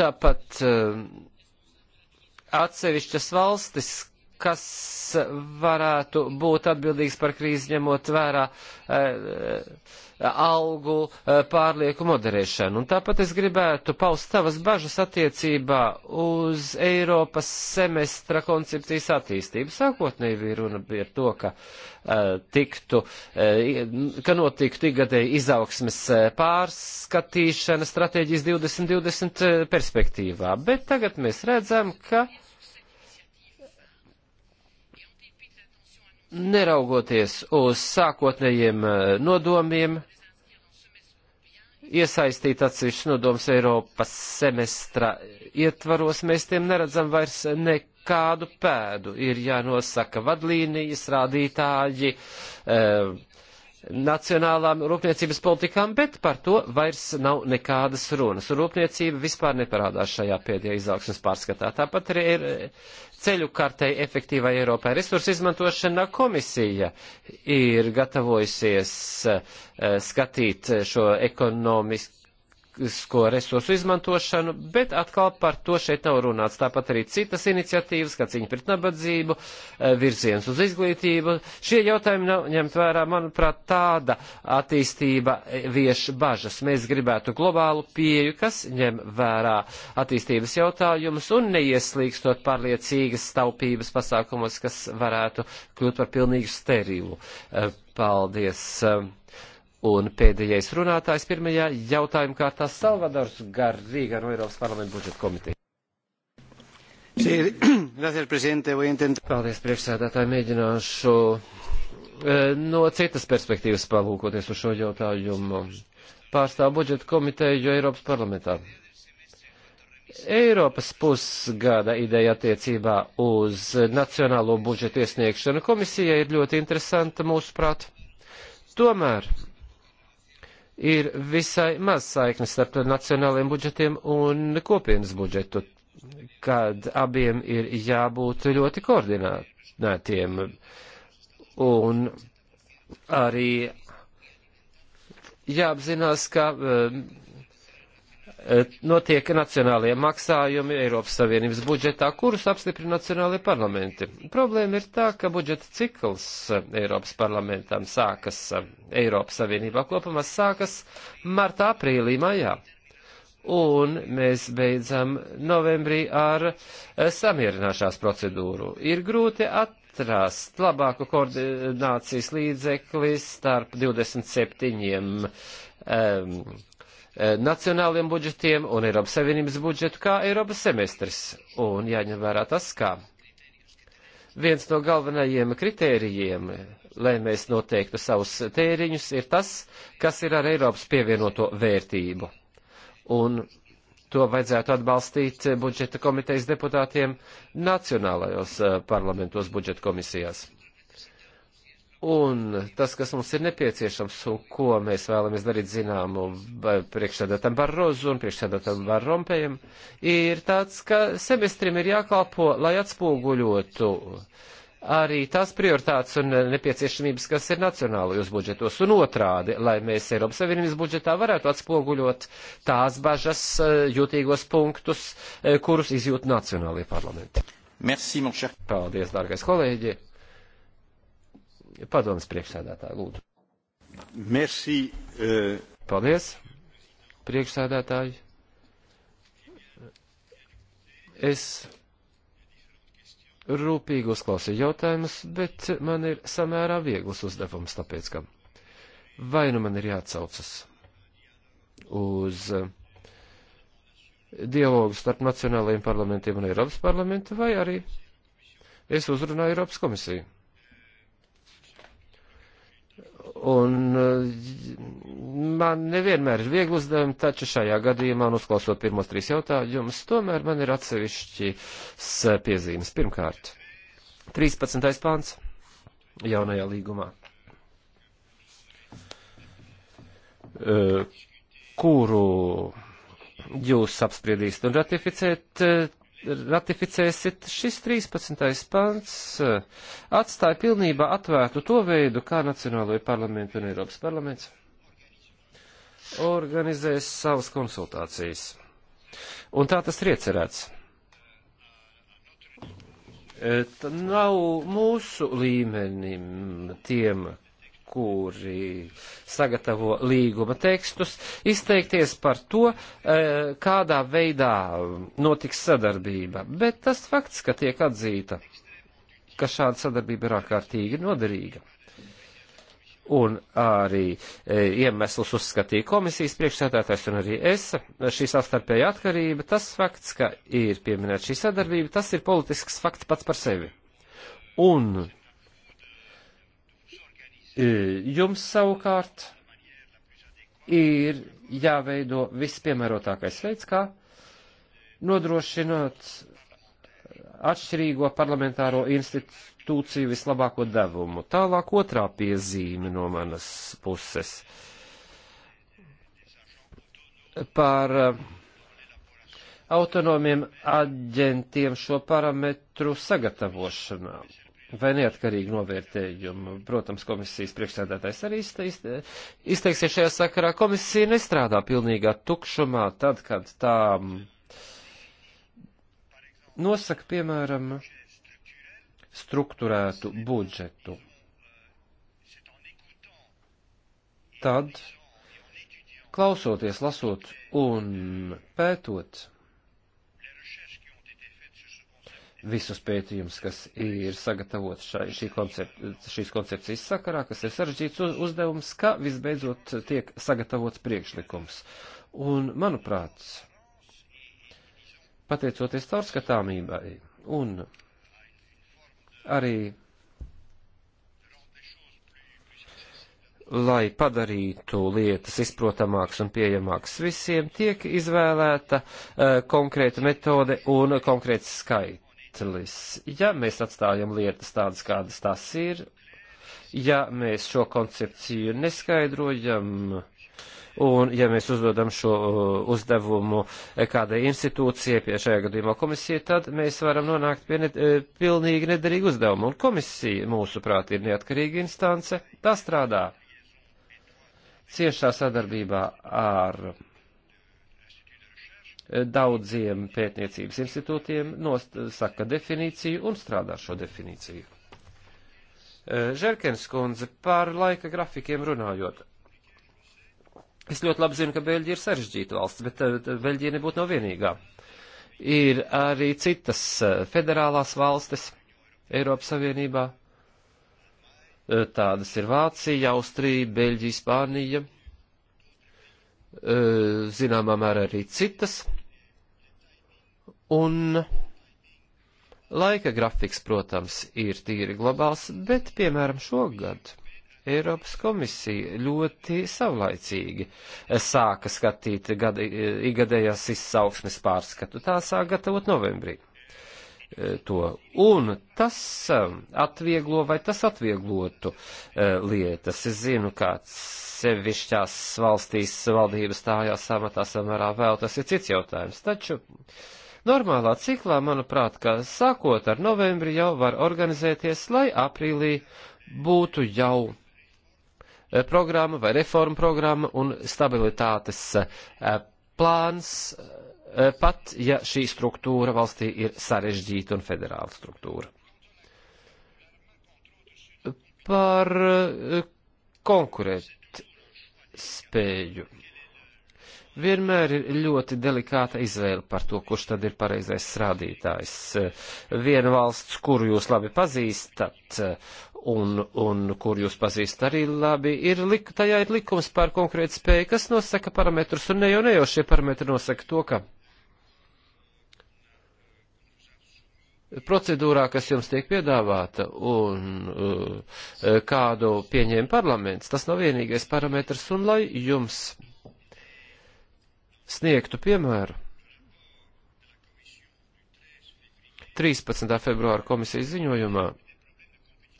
Tāpat atsevišķas valstis, kas varētu būt atbildīgas par krīzi, ņemot vērā uh, algu eh, pārlieku moderēšanu. Un tāpat es gribētu paust tavas bažas attiecībā uz Eiropas semestra koncepcijas attīstību. Sākotnēji bija runa par to, ka, eh, tiktu, eh, ka notiktu igadēji izaugsmes pārskatīšana stratēģijas 2020 perspektīvā. Bet tagad mēs redzam, ka neraugoties uz sākotnējiem eh, nodomiem, iesaistīt atsevišķus nodomus Eiropas semestra ietvaros, mēs tiem neredzam vairs nekādu pēdu. Ir jānosaka vadlīnijas, rādītāji, eh, nacionālām rūpniecības politikām, bet par to vairs nav nekādas runas. Rūpniecība vispār neparādās šajā pēdējā izaugsmas pārskatā. Tāpat arī ir ceļu kartei efektīvai Eiropai. Resursu izmantošanā komisija ir gatavojusies eh, skatīt eh, šo ekonomisku ko resursu izmantošanu, bet atkal par to šeit nav runāts. Tāpat arī citas iniciatīvas, kā cīņa pret nabadzību, e, virziens uz izglītību. Šie jautājumi nav ņemt vērā, manuprāt, tāda attīstība vieš bažas. Mēs gribētu globālu pieju, kas ņem vērā attīstības jautājumus un neieslīkstot pārliecīgas staupības pasākumus, kas varētu kļūt par pilnīgu sterilu. E, paldies! E, Un pēdējais runātājs pirmajā jautājuma kārtā Salvadors Garīga no Eiropas parlamenta budžeta komiteja. Paldies, priekšsēdētāji, mēģināšu eh, no citas perspektīvas palūkoties uz šo jautājumu. Pārstāv budžeta komiteju Eiropas parlamentā. Eiropas pusgada ideja attiecībā uz nacionālo budžetu iesniegšanu komisijai ir ļoti interesanta, mūsuprāt. Tomēr ir visai maz saiknes starp nacionāliem budžetiem un kopienas budžetu, kad abiem ir jābūt ļoti koordinētiem. Un arī jāapzinās, ka eh, Eh, notiek nacionālajie maksājumi Eiropas Savienības budžetā, kurus apstiprina nacionālajie parlamenti. Problēma ir tā, ka budžeta cikls eh, Eiropas parlamentam sākas eh, Eiropas Savienībā kopumā sākas martā, aprīlī, maijā. Un mēs beidzam novembrī ar samierināšanās procedūru. Ir grūti atrast labāku koordinācijas līdzekli starp 27 um, Eh, nacionāliem budžetiem un Eiropas Savienības budžetu kā Eiropas semestris. Un jāņem vērā tas, kā viens no galvenajiem kritērijiem, lai mēs noteiktu savus tēriņus, ir tas, kas ir ar Eiropas pievienoto vērtību. Un to vajadzētu atbalstīt budžeta komitejas deputātiem nacionālajos eh, parlamentos budžeta komisijās. Un tas, kas mums ir nepieciešams un ko mēs vēlamies darīt zināmu priekšsēdētam Barrozu un priekšsēdētam Barrompējam, ir tāds, ka semestrim ir jākalpo, lai atspoguļotu arī tās prioritātes un nepieciešamības, kas ir nacionālajos budžetos, un otrādi, lai mēs Eiropas Savienības budžetā varētu atspoguļot tās bažas eh, jūtīgos punktus, eh, kurus izjūt nacionālajie parlamenti. Merci, Paldies, dārgais kolēģi! Padomas priekšsēdētāja, lūdzu. Merci. Uh... Paldies, priekšsēdētāji. Es rūpīgi uzklausīju jautājumus, bet man ir samērā viegls uzdevums, tāpēc, ka vai nu man ir jāatsaucas uz dialogu starp nacionālajiem parlamentiem un Eiropas parlamentu, vai arī es uzrunāju Eiropas komisiju. Un eh, man nevienmēr ir viegli uzdevumi, taču šajā gadījumā, un uzklausot pirmos trīs jautājumus, tomēr man ir atsevišķas piezīmes. Pirmkārt, 13. pāns jaunajā līgumā, eh, kuru jūs apspriedīsiet un ratificēt, eh, ratificēsit, šis 13. pants eh, atstāja pilnībā atvērtu to veidu, kā Nacionālajie parlamenti un Eiropas parlaments organizēs savas konsultācijas. Un tā tas ir iecerēts. Et eh, nav mūsu līmenim tiem, kuri sagatavo līguma tekstus, izteikties par to, e, kādā veidā notiks sadarbība. Bet tas fakts, ka tiek atzīta, ka šāda sadarbība ir ārkārtīgi noderīga. Un arī e, iemesls uzskatīja komisijas priekšsēdētājs un arī es, šī savstarpēja atkarība, tas fakts, ka ir pieminēta šī sadarbība, tas ir politisks fakts pats par sevi. Un E, jums savukārt ir jāveido vispiemērotākais veids, kā nodrošinot atšķirīgo parlamentāro institūciju vislabāko devumu. Tālāk otrā piezīme no manas puses par e, autonomiem aģentiem šo parametru sagatavošanā vai neatkarīgu novērtējumu. Protams, komisijas priekšsēdētājs arī izteiksies šajā sakarā. Komisija nestrādā pilnīgā tukšumā, tad, kad tā mm, nosaka, piemēram, strukturētu budžetu. Tad, klausoties, lasot un pētot, visus pētījumus, kas ir sagatavot šai, šī koncep, šīs koncepcijas sakarā, kas ir sarežģīts uzdevums, ka visbeidzot tiek sagatavots priekšlikums. Un, manuprāt, pateicoties caurskatāmībai un arī lai padarītu lietas izprotamākas un pieejamākas visiem, tiek izvēlēta uh, konkrēta metode un konkrēts skaits līdzeklis. Ja mēs atstājam lietas tādas, kādas tas ir, ja mēs šo koncepciju neskaidrojam, un ja mēs uzdodam šo uh, uzdevumu kādai institūcijai, pie šajā gadījumā komisija, tad mēs varam nonākt pie ne, eh, pilnīgi nederīga uzdevuma. Un komisija, mūsuprāt, ir neatkarīga instance, tā strādā ciešā sadarbībā ar Eh, daudziem pētniecības institūtiem nosaka eh, definīciju un strādā šo definīciju. Eh, Žerkens kundze par laika grafikiem runājot. Es ļoti labi zinu, ka Beļģija ir sarežģīta valsts, bet Beļģija nebūtu nav vienīgā. Ir arī citas federālās valstis Eiropas Savienībā. Tādas ir Vācija, Austrija, Beļģija, Spānija, zināmā mērā arī citas Un laika grafiks, protams, ir tīri globāls, bet, piemēram, šogad Eiropas komisija ļoti savlaicīgi sāka skatīt gada, igadējās izsauksmes pārskatu. Tā sāk gatavot novembrī e, to. Un tas e, atvieglo vai tas atvieglotu e, lietas. Es zinu, kā sevišķās valstīs valdības stājās amatā samērā vēl, tas ir cits jautājums. Taču Normālā ciklā, manuprāt, ka sākot ar novembri jau var organizēties, lai aprīlī būtu jau eh, programma vai reforma programma un stabilitātes eh, plāns, eh, pat ja šī struktūra valstī ir sarežģīta un federāla struktūra. Par konkurēt spēju Vienmēr ir ļoti delikāta izvēle par to, kurš tad ir pareizais strādītājs. Viena valsts, kuru jūs labi pazīstat, un, un kur jūs pazīstat arī labi, ir lik, tajā ir likums par konkrētu spēju, kas nosaka parametrus, un ne jau ne jau šie parametri nosaka to, ka procedūrā, kas jums tiek piedāvāta un uh, kādu pieņēma parlaments, tas nav vienīgais parametrs, un lai jums sniegtu piemēru. 13. februāra komisijas ziņojumā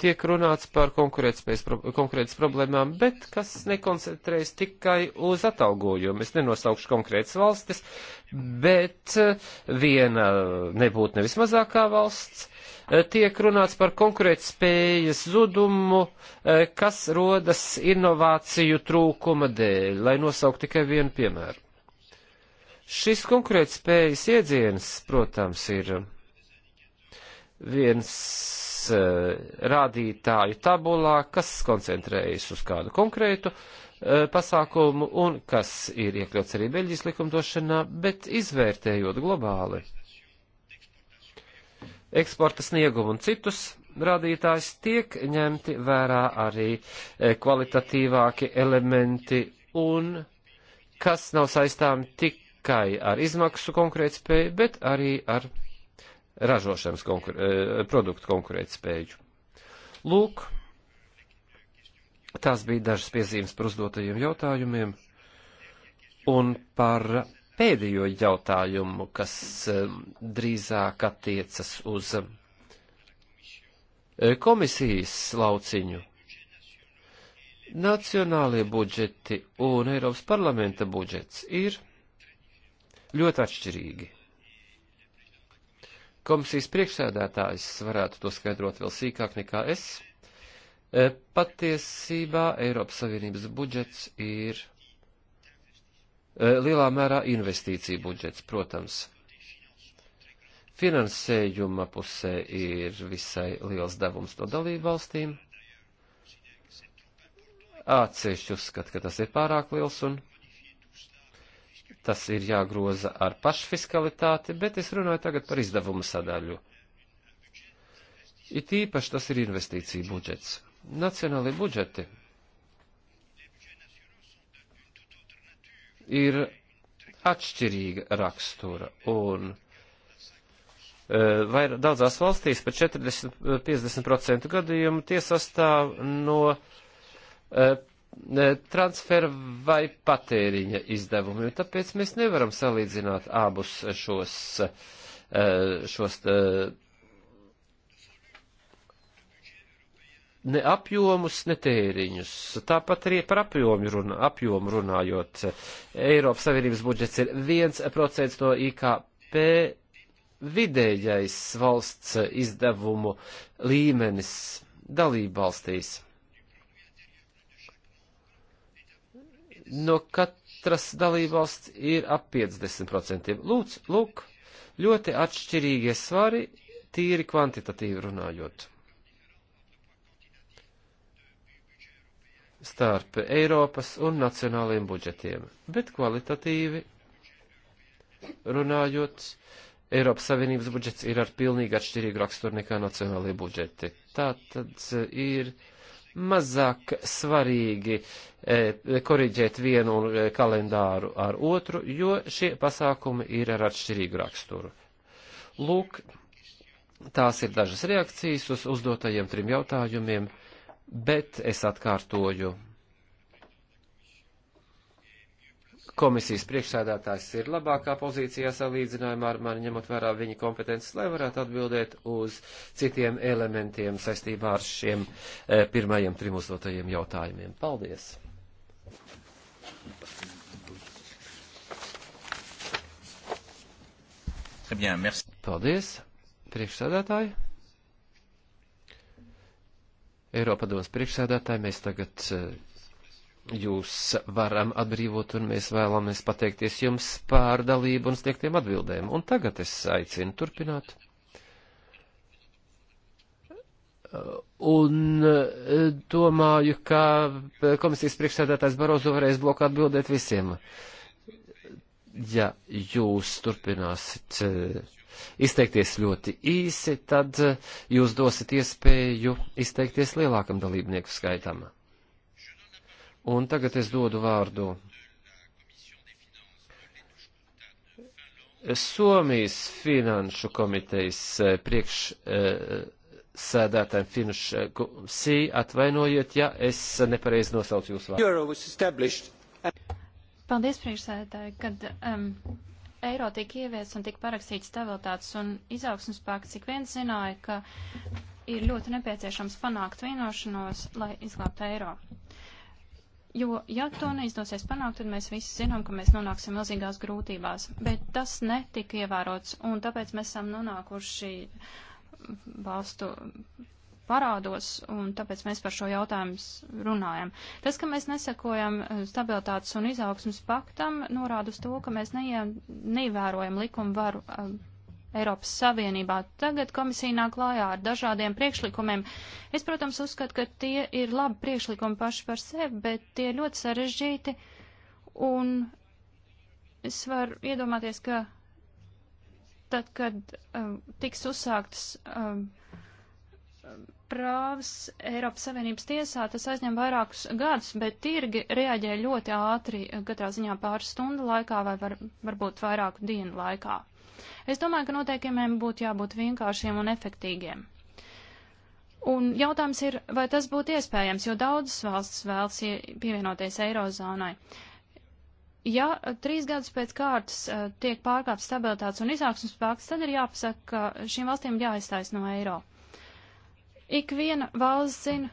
tiek runāts par konkurētspējas konkurētas problēmām, bet kas nekoncentrējas tikai uz atalgojumu. Es nenosaukšu konkrētas valstis, bet eh, viena nebūtu nevis mazākā valsts. Eh, tiek runāts par konkurētspējas zudumu, eh, kas rodas inovāciju trūkuma dēļ, lai nosaukt tikai vienu piemēru. Šis konkrēts spējas iedziens, protams, ir viens eh, rādītāju tabulā, kas koncentrējas uz kādu konkrētu eh, pasākumu un kas ir iekļauts arī Beļģijas likumdošanā, bet izvērtējot globāli eksporta sniegumu un citus rādītājs tiek ņemti vērā arī eh, kvalitatīvāki elementi un kas nav saistām tik tikai ar izmaksu konkurētspēju, bet arī ar ražošanas konkur eh, produktu konkurētspēju. Lūk, tās bija dažas piezīmes par uzdotajiem jautājumiem un par pēdējo jautājumu, kas eh, drīzāk attiecas uz eh, komisijas lauciņu. Nacionālie budžeti un Eiropas parlamenta budžets ir ļoti atšķirīgi. Komisijas priekšsēdētājs varētu to skaidrot vēl sīkāk nekā es. E, patiesībā Eiropas Savienības budžets ir e, lielā mērā investīcija budžets, protams. Finansējuma pusē ir visai liels devums no dalību valstīm. Atsevišķi uzskat, ka tas ir pārāk liels un tas ir jāgroza ar pašfiskalitāti, bet es runāju tagad par izdevumu sadaļu. It īpaši tas ir investīcija budžets. Nacionālie budžeti ir atšķirīga rakstura un e, vai daudzās valstīs pat 40-50% gadījumu tie sastāv no e, E, transfera vai patēriņa izdevumi, un tāpēc mēs nevaram salīdzināt abus šos, e, šos e, ne apjomus, ne tēriņus. Tāpat arī par apjomu, runā, apjomu runājot. Eiropas Savienības budžets ir 1% no IKP vidējais valsts izdevumu līmenis dalību valstīs. no katras dalībvalsts ir ap 50%. Lūdz, lūk, ļoti atšķirīgie svari, tīri kvantitatīvi runājot. starp Eiropas un nacionāliem budžetiem, bet kvalitatīvi runājot, Eiropas Savienības budžets ir ar pilnīgi atšķirīgu raksturu nekā nacionālajie budžeti. Tā tad ir uh, mazāk svarīgi e, koriģēt vienu e, kalendāru ar otru, jo šie pasākumi ir ar atšķirīgu raksturu. Lūk, tās ir dažas reakcijas uz uzdotajiem trim jautājumiem, bet es atkārtoju komisijas priekšsēdētājs ir labākā pozīcijā salīdzinājumā ar mani, ņemot vērā viņa kompetences, lai varētu atbildēt uz citiem elementiem saistībā ar šiem e, pirmajiem trim uzdotajiem jautājumiem. Paldies! Paldies, priekšsēdētāji! Eiropadomas priekšsēdētāji, mēs tagad e, jūs varam atbrīvot, un mēs vēlamies pateikties jums par dalību un sniegtiem atbildēm. Un tagad es aicinu turpināt. Un eh, domāju, ka komisijas priekšsēdētājs Barozo varēs bloku atbildēt visiem. Ja jūs turpināsit eh, izteikties ļoti īsi, tad eh, jūs dosit iespēju izteikties lielākam dalībnieku skaitam. Un tagad es dodu vārdu Somijas finanšu komitejas eh, priekšsēdētājiem Finšu eh, Sī, atvainojiet, ja es nepareizi nosaucu jūsu vārdu. Paldies, priekšsēdētāji, kad um, eiro tika ieviests un tika parakstīts stabilitātes un izaugsmas pakts, ik viens zināja, ka ir ļoti nepieciešams panākt vienošanos, lai izglābtu eiro. Jo, ja to neizdosies panākt, tad mēs visi zinām, ka mēs nonāksim milzīgās grūtībās. Bet tas netika ievērots, un tāpēc mēs esam nonākuši valstu parādos, un tāpēc mēs par šo jautājumu runājam. Tas, ka mēs nesakojam e, stabilitātes un izaugsmas paktam, norāda uz to, ka mēs neie, neievērojam likumu varu e, Eiropas Savienībā. Tagad komisija nāk klājā ar dažādiem priekšlikumiem. Es, protams, uzskatu, ka tie ir labi priekšlikumi paši par sevi, bet tie ir ļoti sarežģīti, un es varu iedomāties, ka tad, kad um, tiks uzsāktas um, prāvas Eiropas Savienības tiesā, tas aizņem vairākus gadus, bet tirgi reaģē ļoti ātri, uh, katrā ziņā pāris stundu laikā vai var, varbūt vairāku dienu laikā. Es domāju, ka noteikumiem būtu jābūt vienkāršiem un efektīgiem. Un jautājums ir, vai tas būtu iespējams, jo daudzas valstis vēlas pievienoties Eirozonai. Ja trīs gadus pēc kārtas eh, tiek pārkāpts stabilitātes un izaugsmas pakts, tad ir jāpasaka, ka šīm valstīm jāiztais no eiro. Ik viena valsts zina,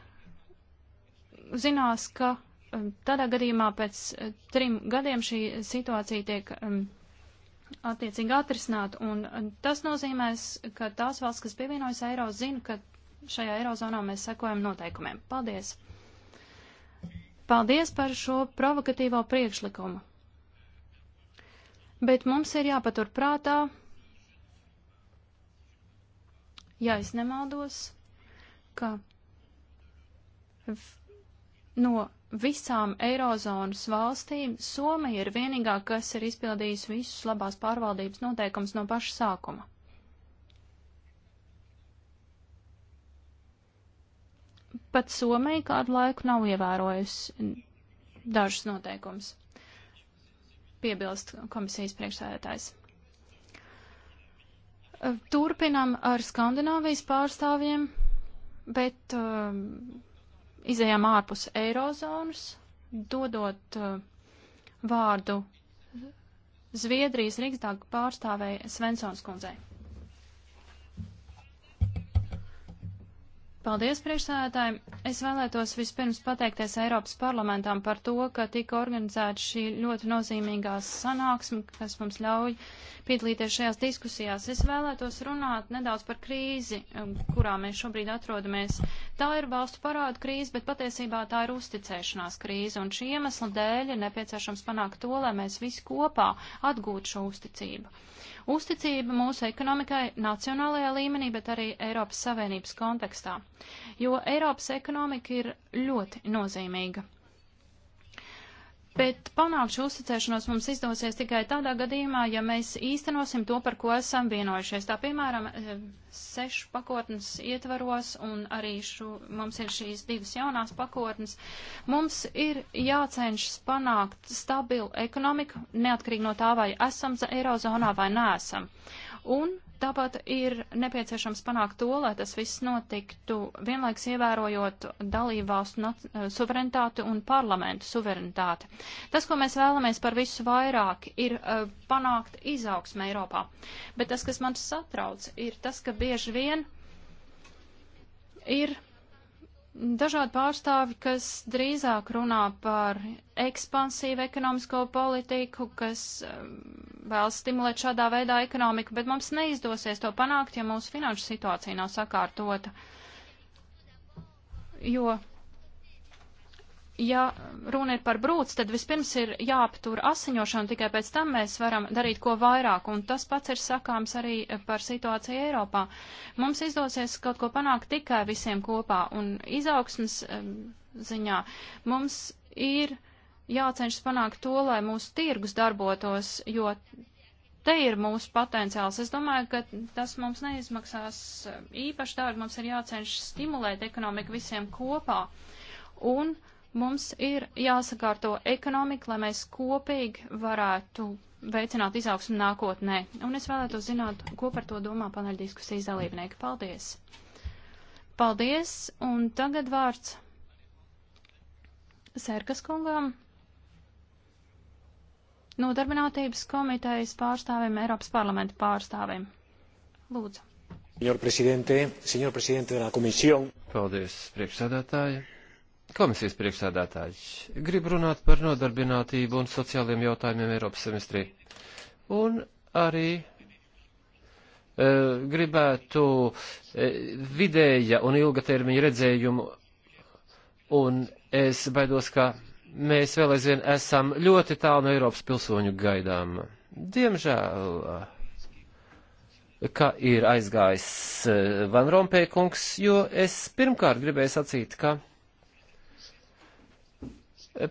zinās, ka eh, tādā gadījumā pēc eh, trim gadiem šī situācija tiek um, attiecīgi atrisināt. Un tas nozīmēs, ka tās valsts, kas pievienojas eiro, zina, ka šajā eirozonā mēs sekojam noteikumiem. Paldies! Paldies par šo provokatīvo priekšlikumu. Bet mums ir jāpatur prātā, ja es nemaldos, ka no visām Eirozonas valstīm Somija ir vienīgā, kas ir izpildījusi visus labās pārvaldības noteikums no paša sākuma. Pat Somija kādu laiku nav ievērojusi dažus noteikumus, piebilst komisijas priekšsēdētājs. Turpinam ar Skandināvijas pārstāvjiem, bet uh, izējām ārpus eirozonas, dodot uh, vārdu Zviedrijas Riksdāga pārstāvēja Svensons kundzei. Paldies, priekšsēdētāji! Es vēlētos vispirms pateikties Eiropas parlamentam par to, ka tika organizēta šī ļoti nozīmīgā sanāksme, kas mums ļauj piedalīties šajās diskusijās. Es vēlētos runāt nedaudz par krīzi, um, kurā mēs šobrīd atrodamies. Tā ir valstu parādu krīze, bet patiesībā tā ir uzticēšanās krīze, un šī iemesla dēļ ir nepieciešams panākt to, lai mēs visi kopā atgūtu šo uzticību. Uzticība mūsu ekonomikai nacionālajā līmenī, bet arī Eiropas Savienības kontekstā, jo Eiropas ekonomika ir ļoti nozīmīga. Bet panākt šo uzticēšanos mums izdosies tikai tādā gadījumā, ja mēs īstenosim to, par ko esam vienojušies. Tā piemēram, eh, sešu pakotnes ietvaros un arī šu, mums ir šīs divas jaunās pakotnes. Mums ir jācenšas panākt stabilu ekonomiku, neatkarīgi no tā, vai esam Eirozonā vai neesam. Uh, Un tāpat ir nepieciešams panākt to, lai tas viss notiktu vienlaiks ievērojot dalībvalstu eh, suverenitāti un parlamentu suverenitāti. Tas, ko mēs vēlamies par visu vairāk, ir uh, panākt izaugsme Eiropā. Bet tas, kas man satrauc, ir tas, ka bieži vien ir dažādi pārstāvi, kas drīzāk runā par ekspansīvu ekonomisko politiku, kas um, vēl stimulēt šādā veidā ekonomiku, bet mums neizdosies to panākt, ja mūsu finanšu situācija nav sakārtota. Jo ja runa ir par brūci, tad vispirms ir jāaptur asiņošana, tikai pēc tam mēs varam darīt ko vairāk, un tas pats ir sakāms arī par situāciju Eiropā. Mums izdosies kaut ko panākt tikai visiem kopā, un izaugsmas ziņā mums ir jācenšas panākt to, lai mūsu tirgus darbotos, jo te ir mūsu potenciāls. Es domāju, ka tas mums neizmaksās īpaši dārgi, mums ir jācenšas stimulēt ekonomiku visiem kopā. Un uh, Mums ir jāsakārto ekonomika, lai mēs kopīgi varētu veicināt izaugsmu nākotnē. Un es vēlētos zināt, ko par to domā paneļa diskusijas dalībnieki. Paldies! Paldies! Un tagad vārds Sērkas kungām. Nodarbinātības komitejas pārstāvim, Eiropas parlamenta pārstāvim. Lūdzu. Señor presidente, señor presidente de la comisión. Paldies, priekšsēdētāji. Komisijas priekšsēdētājs, grib runāt par nodarbinātību un sociāliem jautājumiem Eiropas semestrī. Un arī eh, gribētu eh, vidēja un ilgatermiņa redzējumu, un es baidos, ka mēs vēl aizvien esam ļoti tālu no Eiropas pilsoņu gaidām. Diemžēl, ka ir aizgājis eh, Van Rompēkungs, jo es pirmkārt gribēju sacīt, ka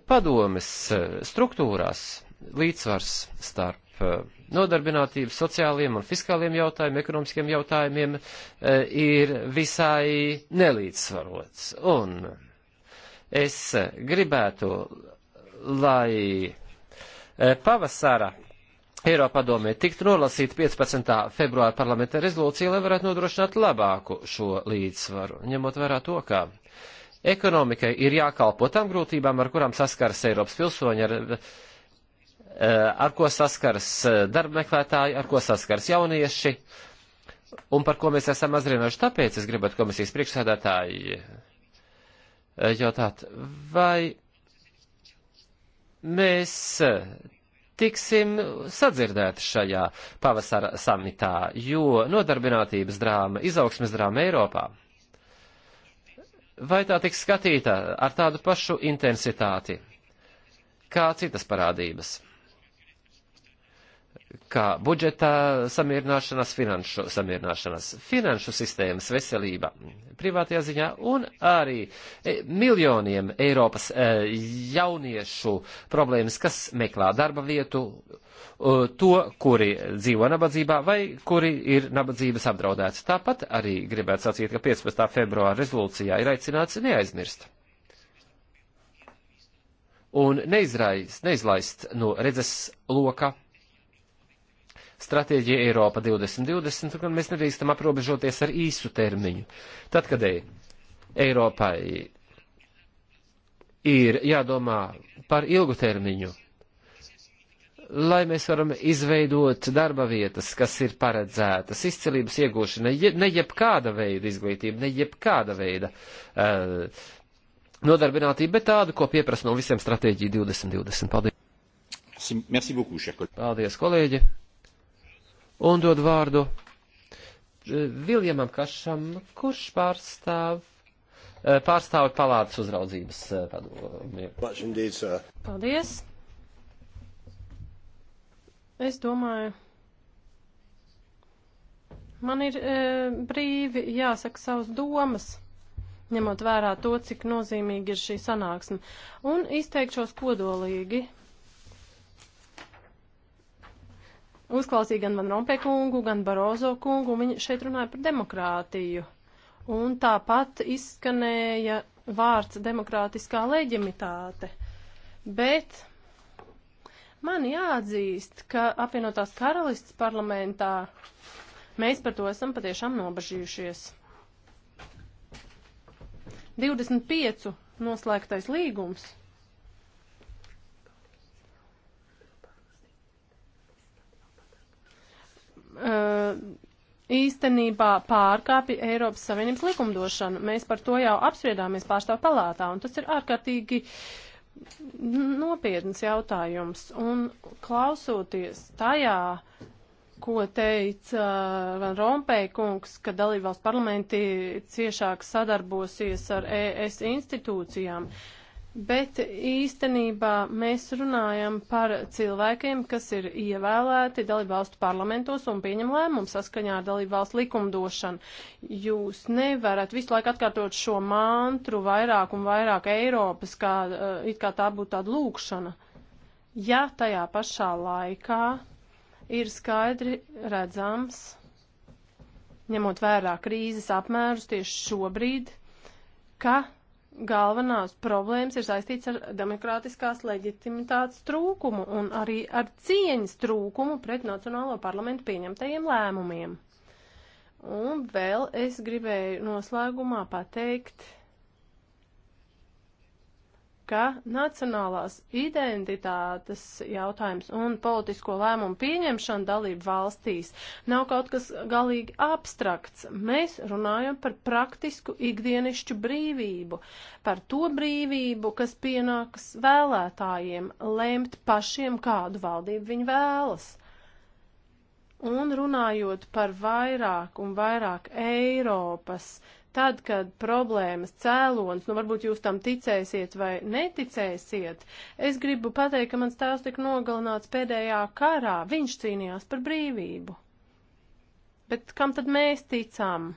padomes eh, struktūrās līdzsvars starp eh, nodarbinātību, sociāliem un fiskāliem jautājumiem, ekonomiskiem jautājumiem eh, ir visai nelīdzsvarots. Un es gribētu, lai pavasara Eiropadomē tiktu nolasīta 15. februāra parlamenta rezolūcija, lai varētu nodrošināt labāku šo līdzsvaru, ņemot vērā to, ka Ekonomikai ir jākalpo tam grūtībām, ar kurām saskaras Eiropas pilsoņi, ar, eh, ar ko saskaras eh, darbmeklētāji, ar ko saskaras jaunieši un par ko mēs esam mazrinājuši. Tāpēc es gribētu komisijas priekšsēdētāji eh, jautāt, vai mēs tiksim sadzirdēti šajā pavasara samitā, jo nodarbinātības drāma, izaugsmes drāma Eiropā vai tā tiks skatīta ar tādu pašu intensitāti kā citas parādības? kā budžeta samierināšanās, finanšu samierināšanās, finanšu sistēmas veselība privātajā ziņā un arī e, miljoniem Eiropas e, jauniešu problēmas, kas meklā darba vietu, e, to, kuri dzīvo nabadzībā vai kuri ir nabadzības apdraudēts. Tāpat arī gribētu sacīt, ka 15. februāra rezolūcijā ir aicināts neaizmirst un neizraist, neizlaist no redzes loka stratēģija Eiropa 2020, un mēs nedrīkstam aprobežoties ar īsu termiņu. Tad, kad e- Eiropai ir jādomā par ilgu termiņu, lai mēs varam izveidot darba vietas, kas ir paredzētas, izcelības iegūšana, ne jebkāda veida izglītība, ne jebkāda veida uh, nodarbinātība, bet tādu, ko pieprasa no visiem stratēģija 2020. Paldies! Merci beaucoup, cher kolēģi. Paldies, kolēģi! un dod vārdu e, Viljamam Kašam, kurš pārstāv, e, pārstāv palātas uzraudzības e, padomi. Paldies! Es domāju, man ir e, brīvi jāsaka savas domas, ņemot vērā to, cik nozīmīgi ir šī sanāksme, un izteikšos kodolīgi uzklausīja gan Van Rompē kungu, gan Barozo kungu, un viņi šeit runāja par demokrātiju. Un tāpat izskanēja vārds demokrātiskā leģimitāte. Bet man jāatzīst, ka apvienotās karalists parlamentā mēs par to esam patiešām nobažījušies. 25 noslēgtais līgums uh, īstenībā pārkāpja Eiropas Savienības likumdošanu. Mēs par to jau apspriedāmies pārstāv palātā, un tas ir ārkārtīgi nopietns jautājums. Un klausoties tajā, ko teica uh, Van Rompēja kungs, ka dalībvalsts parlamenti ciešāk sadarbosies ar ES institūcijām, Bet īstenībā mēs runājam par cilvēkiem, kas ir ievēlēti dalībvalstu parlamentos un pieņem lēmumu saskaņā ar dalībvalstu likumdošanu. Jūs nevarat visu laiku atkārtot šo mantru vairāk un vairāk Eiropas, kā, eh, it kā tā būtu tāda lūkšana. Ja tajā pašā laikā ir skaidri redzams, ņemot vērā krīzes apmērus tieši šobrīd, ka galvenās problēmas ir saistīts ar demokrātiskās leģitimitātes trūkumu un arī ar cieņas trūkumu pret Nacionālo parlamentu pieņemtajiem lēmumiem. Un vēl es gribēju noslēgumā pateikt, ka nacionālās identitātes jautājums un politisko lēmumu pieņemšana dalību valstīs nav kaut kas galīgi abstrakts. Mēs runājam par praktisku ikdienišķu brīvību, par to brīvību, kas pienākas vēlētājiem lēmt pašiem, kādu valdību viņi vēlas. Un runājot par vairāk un vairāk Eiropas, uh, tad, kad problēmas cēlons, nu varbūt jūs tam ticēsiet vai neticēsiet, es gribu pateikt, ka mans tēvs tika nogalināts pēdējā karā, viņš cīnījās par brīvību. Bet kam tad mēs ticām?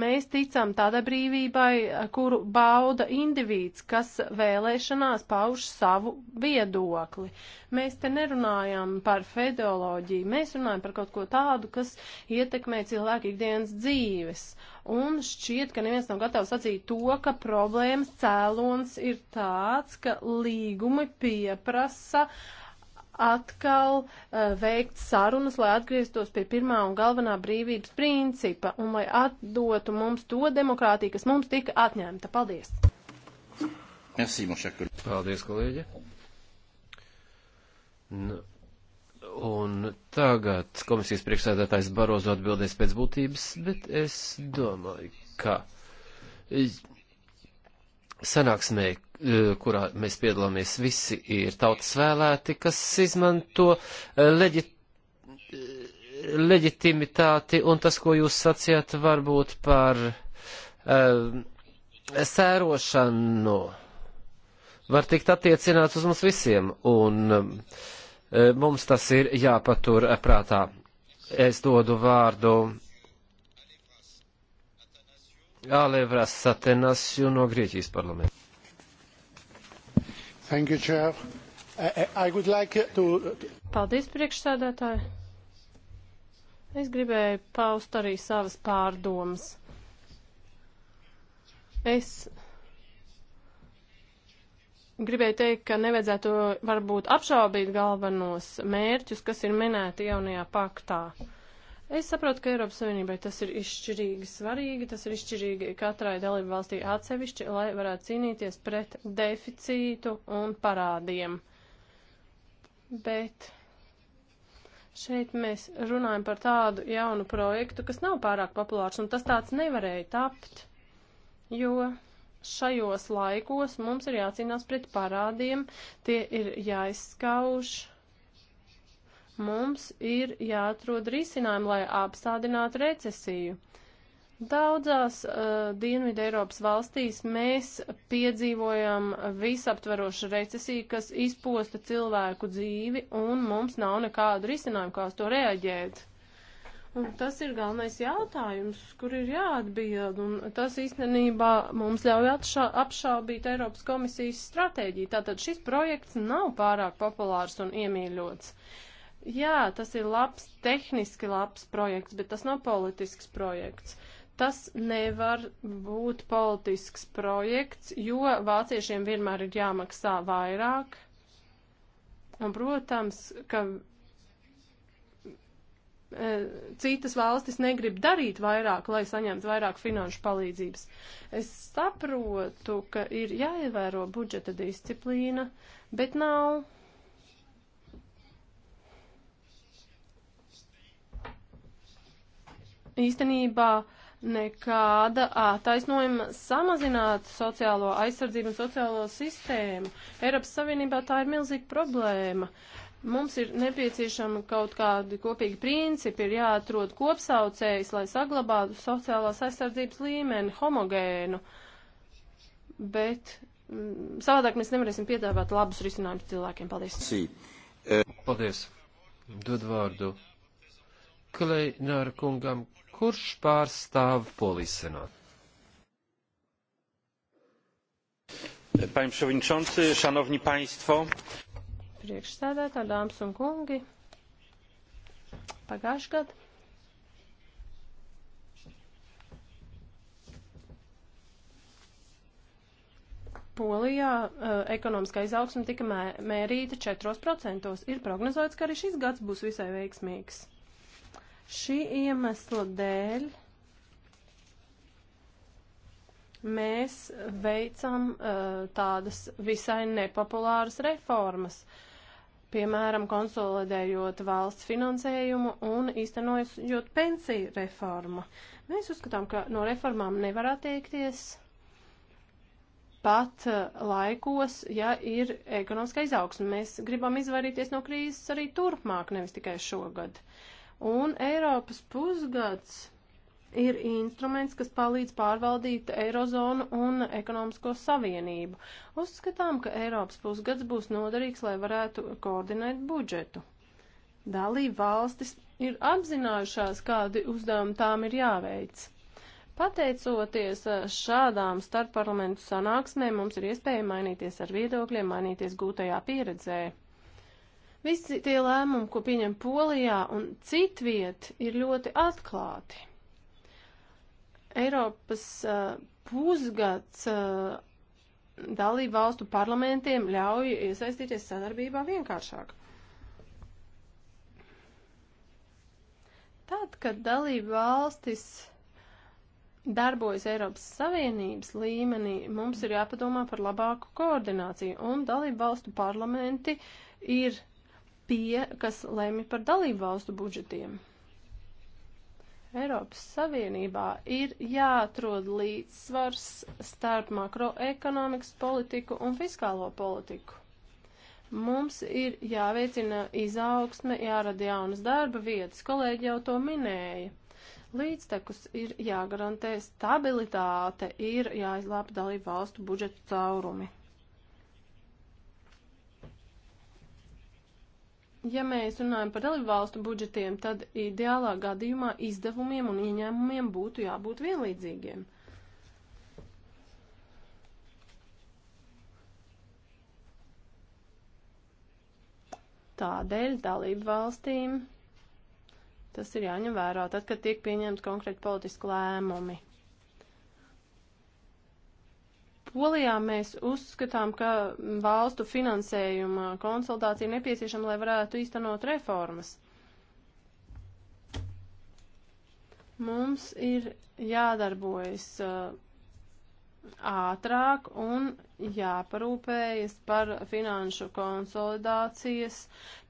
Mēs ticam tādai brīvībai, kuru bauda indivīds, kas vēlēšanās pauž savu viedokli. Mēs te nerunājam par fedeoloģiju, mēs runājam par kaut ko tādu, kas ietekmē cilvēku ikdienas dzīves. Un šķiet, ka neviens nav gatavs atzīt to, ka problēmas cēlons ir tāds, ka līgumi pieprasa uh, atkal uh, veikt sarunas, lai atgrieztos pie pirmā un galvenā brīvības principa un lai atdotu mums to demokrātiju, kas mums tika atņemta. Paldies! Merci, Paldies, kolēģi! Nu, un tagad komisijas priekšsēdētājs Barozo atbildēs pēc būtības, bet es domāju, ka sanāksmē, E, kurā mēs piedalāmies visi, ir tautas vēlēti, kas izmanto e, leģi, e, leģitimitāti, un tas, ko jūs sacījāt, varbūt par um, sērošanu, var tikt attiecināts uz mums visiem, un um, mums tas ir jāpatur prātā. Es dodu vārdu Alevras Satenasju no Grieķijas parlamenta. Thank you, Chair. I would like to... Paldies, priekšsēdētāji. Es gribēju paust arī savas pārdomas. Es gribēju teikt, ka nevajadzētu varbūt apšaubīt galvenos mērķus, kas ir minēti jaunajā paktā. Uh, Es saprotu, ka Eiropas Savienībai tas ir izšķirīgi svarīgi, tas ir izšķirīgi katrai dalību valstī atsevišķi, lai varētu cīnīties pret deficītu un parādiem. Bet šeit mēs runājam par tādu jaunu projektu, kas nav pārāk populārs, un tas tāds nevarēja tapt, jo šajos laikos mums ir jācīnās pret parādiem, tie ir jāizskauž Mums ir jāatrod risinājumi, lai apstādinātu recesiju. Daudzās uh, Dienvidu Eiropas valstīs mēs piedzīvojam visaptverošu recesiju, kas izposta cilvēku dzīvi, un mums nav nekādu risinājumu, kā uz to reaģēt. Un tas ir galvenais jautājums, kur ir jāatbild, un tas īstenībā mums ļauj atšā, apšaubīt Eiropas komisijas stratēģiju. Tātad šis projekts nav pārāk populārs un iemīļots. Uh, Jā, tas ir labs, tehniski labs projekts, bet tas nav politisks projekts. Tas nevar būt politisks projekts, jo vāciešiem vienmēr ir jāmaksā vairāk. Un, protams, ka e, citas valstis negrib darīt vairāk, lai saņemtu vairāk finanšu palīdzības. Es saprotu, ka ir jāievēro budžeta disciplīna, bet nav īstenībā nekāda attaisnojuma samazināt sociālo aizsardzību un sociālo sistēmu. Eiropas Savienībā tā ir milzīga problēma. Mums ir nepieciešama kaut kādi kopīgi principi, ir jāatrod kopsaucējs, lai saglabātu sociālās aizsardzības līmeni homogēnu. Bet m, mm, savādāk mēs nevarēsim piedāvāt labus risinājumus cilvēkiem. Paldies. Paldies. Dod vārdu Kleināra kungam, kurš pārstāv Polijas senātu. Panie Przewodniczący, Szanowni Państwo. Priekšsēdētā, dāmas un kungi, pagājuši gadu. Polijā uh, ekonomiskā izaugsme tika mē, mērīta 4%. Ir prognozēts, ka arī šis gads būs visai veiksmīgs. Šī iemesla dēļ mēs veicam uh, tādas visai nepopulāras reformas, piemēram, konsolidējot valsts finansējumu un īstenojot pensiju reformu. Mēs uzskatām, ka no reformām nevar attiekties pat uh, laikos, ja ir ekonomiskā izaugsme. Mēs gribam izvairīties no krīzes arī turpmāk, nevis tikai šogad. Uh, Un Eiropas pusgads ir instruments, kas palīdz pārvaldīt Eirozonu un ekonomisko savienību. Uzskatām, ka Eiropas pusgads būs noderīgs, lai varētu koordinēt budžetu. Dalība valstis ir apzinājušās, kādi uzdevumi tām ir jāveic. Pateicoties eh, šādām starpparlamentu sanāksmēm, mums ir iespēja mainīties ar viedokļiem, mainīties gūtajā pieredzē. Visi tie lēmumi, ko pieņem Polijā un citviet, ir ļoti atklāti. Eiropas uh, pusgads uh, dalību valstu parlamentiem ļauj iesaistīties sadarbībā vienkāršāk. Tad, kad dalību valstis darbojas Eiropas Savienības līmenī, mums ir jāpadomā par labāku koordināciju, un dalību valstu parlamenti ir tie, kas lemj par dalību valstu budžetiem. Eiropas Savienībā ir jāatrod līdzsvars starp makroekonomikas politiku un fiskālo politiku. Mums ir jāveicina izaugsme, jārada jaunas darba vietas, kolēģi jau to minēja. Līdztekus ir jāgarantē stabilitāte, ir jāizlāpa dalību valstu budžetu caurumi. Ja mēs runājam par dalībvalstu budžetiem, tad ideālā gadījumā izdevumiem un ieņēmumiem būtu jābūt vienlīdzīgiem. Tādēļ dalību valstīm tas ir jāņem vērā, tad, kad tiek pieņemts konkrēti politiski lēmumi. Polijā mēs uzskatām, ka valstu finansējuma konsultācija ir nepieciešama, lai varētu īstenot reformas. Mums ir jādarbojas uh, ātrāk un jāparūpējas par finanšu konsolidācijas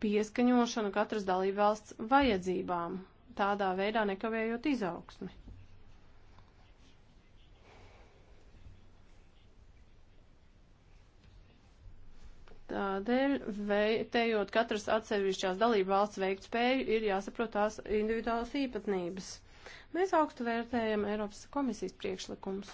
pieskaņošanu katras dalībvalsts vajadzībām, tādā veidā nekavējot izaugsmi. Tādēļ, vērtējot katras atsevišķās dalību valsts veikt spēju, ir jāsaprot tās individuālas īpatnības. Mēs augstu vērtējam Eiropas komisijas priekšlikums.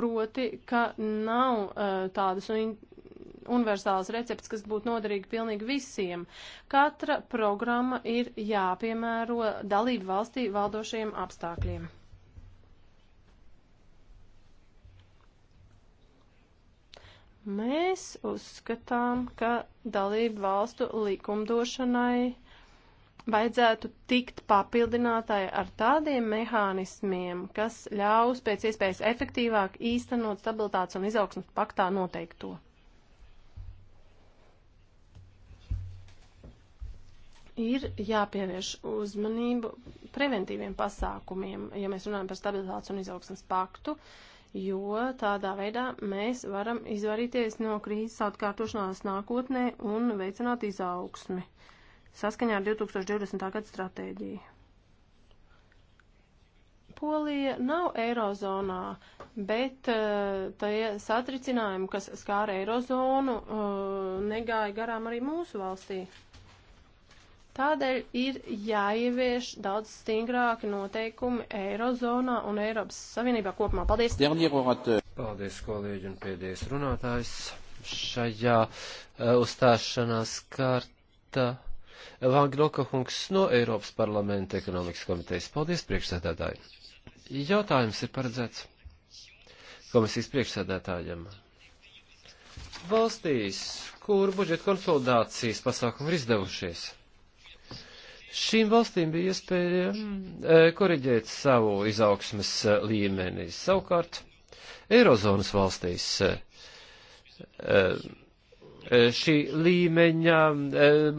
Proti, ka nav uh, tādas un universāls recepts, kas būtu noderīgi pilnīgi visiem. Katra programma ir jāpiemēro dalību valstī valdošajiem apstākļiem. Mēs uzskatām, ka dalību valstu likumdošanai vajadzētu tikt papildinātai ar tādiem mehānismiem, kas ļaus pēc iespējas efektīvāk īstenot stabilitātes un izaugsmas paktā noteikto. ir jāpievērš uzmanību preventīviem pasākumiem, ja mēs runājam par stabilitātes un izaugsmas paktu. Uh, jo tādā veidā mēs varam izvairīties no krīzes atkārtošanās nākotnē un veicināt izaugsmi saskaņā ar 2020. gada stratēģiju. Polija nav eirozonā, bet eh, tie satricinājumi, kas skāra eirozonu, eh, negāja garām arī mūsu valstī. Tādēļ ir jāievieš daudz stingrāki noteikumi Eirozonā un Eiropas Savienībā kopumā. Paldies! Paldies, kolēģi, un pēdējais runātājs šajā eh, uzstāšanās kārta. Vangnokakungs no Eiropas parlamenta ekonomikas komitejas. Paldies, priekšsēdētāji! Jautājums ir paredzēts komisijas priekšsēdētājiem. Valstīs, kur budžeta konsolidācijas pasākumi ir izdevušies Šīm valstīm bija iespēja mm. eh, koriģēt savu izaugsmes eh, līmeni. Savukārt, Eirozonas valstīs eh, šī līmeņa,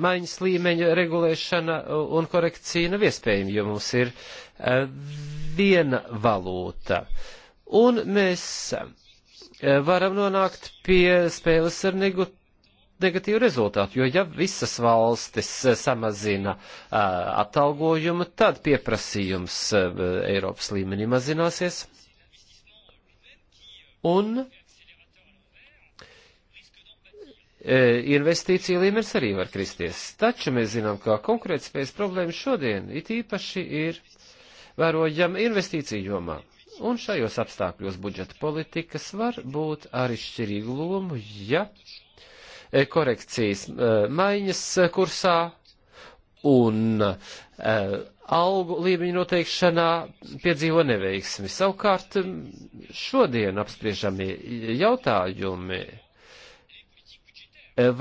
maiņas līmeņa regulēšana un korekcija nav iespējama, jo mums ir viena valūta. Un mēs varam nonākt pie spēles ar negut negatīvu rezultātu, jo ja visas valstis eh, samazina uh, atalgojumu, tad pieprasījums uh, Eiropas līmenī mazināsies. Un investīcija līmenis arī var kristies. Taču mēs zinām, ka konkurētspējas problēmas šodien it īpaši ir vērojama investīciju jomā un šajos apstākļos budžeta politikas var būt arī šķirīgu lomu, ja Eh, korekcijas eh, maiņas eh, kursā un algu līmeņu noteikšanā piedzīvo neveiksmi. Savukārt šodien apspriežamie jautājumi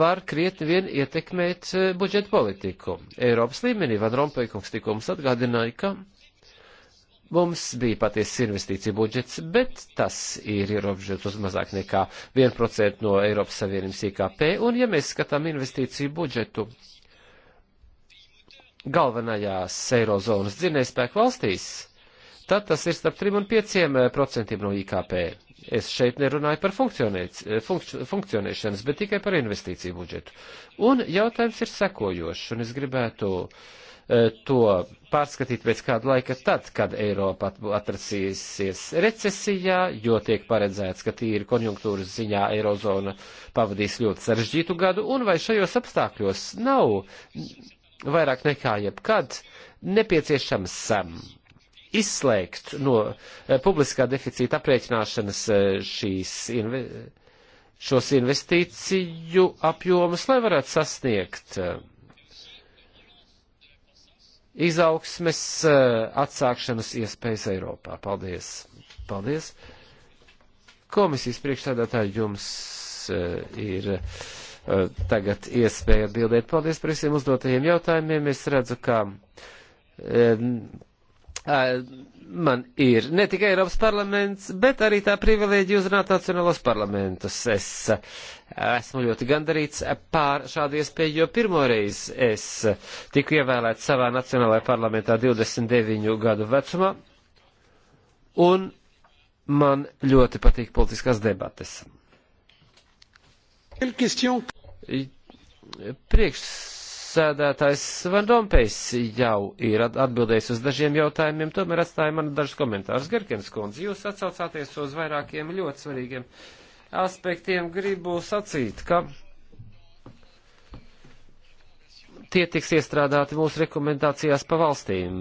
var krietni vien ietekmēt budžeta politiku. Eiropas līmenī Van Rompēkungs tikko mums atgādināja, ka Mums bija patiesi investīcija budžets, bet tas ir ierobežots uz mazāk nekā 1% no Eiropas Savienības IKP, un ja mēs skatām investīciju budžetu galvenajās Eirozonas dzinējspēku valstīs, tad tas ir starp 3 un 5% eh, no IKP. Es šeit nerunāju par funkč, eh, funkcionēšanas, bet tikai par investīciju budžetu. Un jautājums ir sekojošs, un es gribētu uh, E, to pārskatīt pēc kāda laika, tad, kad Eiropa atrasīsies recesijā, jo tiek paredzēts, ka tīri konjunktūras ziņā Eirozona pavadīs ļoti sarežģītu gadu, un vai šajos apstākļos nav vairāk nekā jebkad nepieciešams um, izslēgt no e, publiskā deficīta aprēķināšanas e, šīs inve šos investīciju apjomus, lai varētu sasniegt uh, izaugsmes eh, atsākšanas iespējas Eiropā. Paldies! Paldies! Komisijas priekšstādātāji jums eh, ir eh, tagad iespēja atbildēt. Paldies par visiem uzdotajiem jautājumiem. Es redzu, ka man ir ne tikai Eiropas parlaments, bet arī tā privilēģija uzrunāt nacionālos parlamentus. Es esmu ļoti gandarīts pār šādu iespēju, jo pirmoreiz es tiku ievēlēts savā nacionālajā parlamentā 29 gadu vecumā, un man ļoti patīk politiskās debates. Priekšs priekšsēdētājs Van Rompējs jau ir atbildējis uz dažiem jautājumiem, tomēr atstāja man dažus komentārus. Gerkens kundze, jūs atsaucāties uz vairākiem ļoti svarīgiem aspektiem. Gribu sacīt, ka tie tiks iestrādāti mūsu rekomendācijās pa valstīm.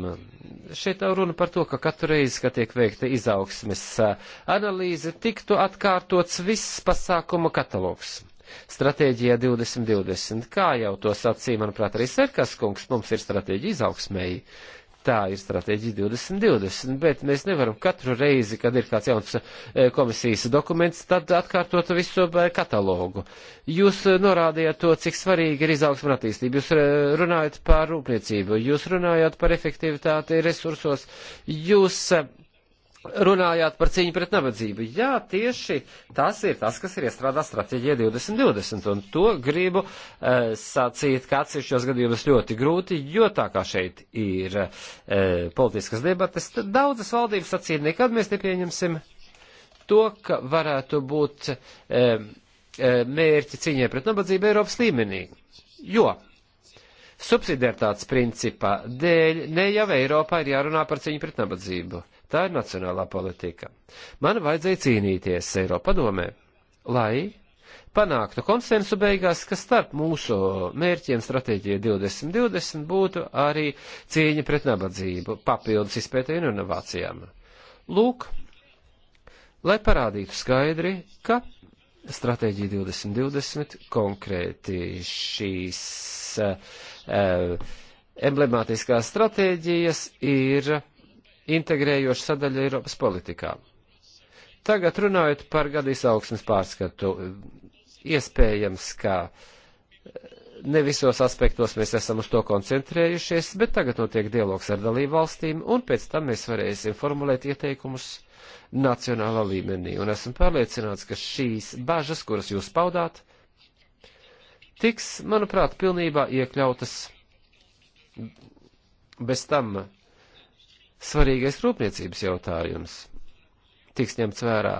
Šeit nav runa par to, ka katru reizi, kad tiek veikta izaugsmes eh, analīze, tiktu atkārtots viss pasākuma katalogs stratēģijā 2020. Kā jau to sacīja, manuprāt, arī Serkas kungs, mums ir stratēģija izaugsmēji. Tā ir stratēģija 2020, bet mēs nevaram katru reizi, kad ir kāds jauns e, komisijas dokuments, tad atkārtot visu e, katalogu. Jūs e, norādījāt to, cik svarīgi ir izaugsme un attīstība. Jūs runājat par rūpniecību, jūs runājat par efektivitāti resursos, jūs runājāt par cīņu pret nabadzību. Jā, tieši tas ir tas, kas ir iestrādāts strateģijā 2020, un to gribu uh, sacīt, ka atsevišķos gadījumos ļoti grūti, jo tā kā šeit ir uh, politiskas debates, tad daudzas valdības sacīja, nekad mēs nepieņemsim to, ka varētu būt uh, uh, mērķi cīņai pret nabadzību Eiropas līmenī. Jo subsidiaritātes principa dēļ ne jau Eiropā ir jārunā par cīņu pret nabadzību. Uh, Tā ir nacionālā politika. Man vajadzēja cīnīties Eiropadomē, lai panāktu konsensu beigās, ka starp mūsu mērķiem stratēģija 2020 būtu arī cīņa pret nabadzību, papildus izpētē un inovācijām. Lūk, lai parādītu skaidri, ka stratēģija 2020 konkrēti šīs uh, emblemātiskās stratēģijas ir uh, integrējoša sadaļa Eiropas politikā. Tagad runājot par gadu izaugsmas pārskatu, iespējams, ka eh, ne visos aspektos mēs esam uz to koncentrējušies, bet tagad notiek dialogs ar dalību valstīm, un pēc tam mēs varēsim formulēt ieteikumus nacionālā līmenī. Un esmu pārliecināts, ka šīs bažas, kuras jūs paudāt, tiks, manuprāt, pilnībā iekļautas bez tam svarīgais rūpniecības jautājums tiks ņemts vērā.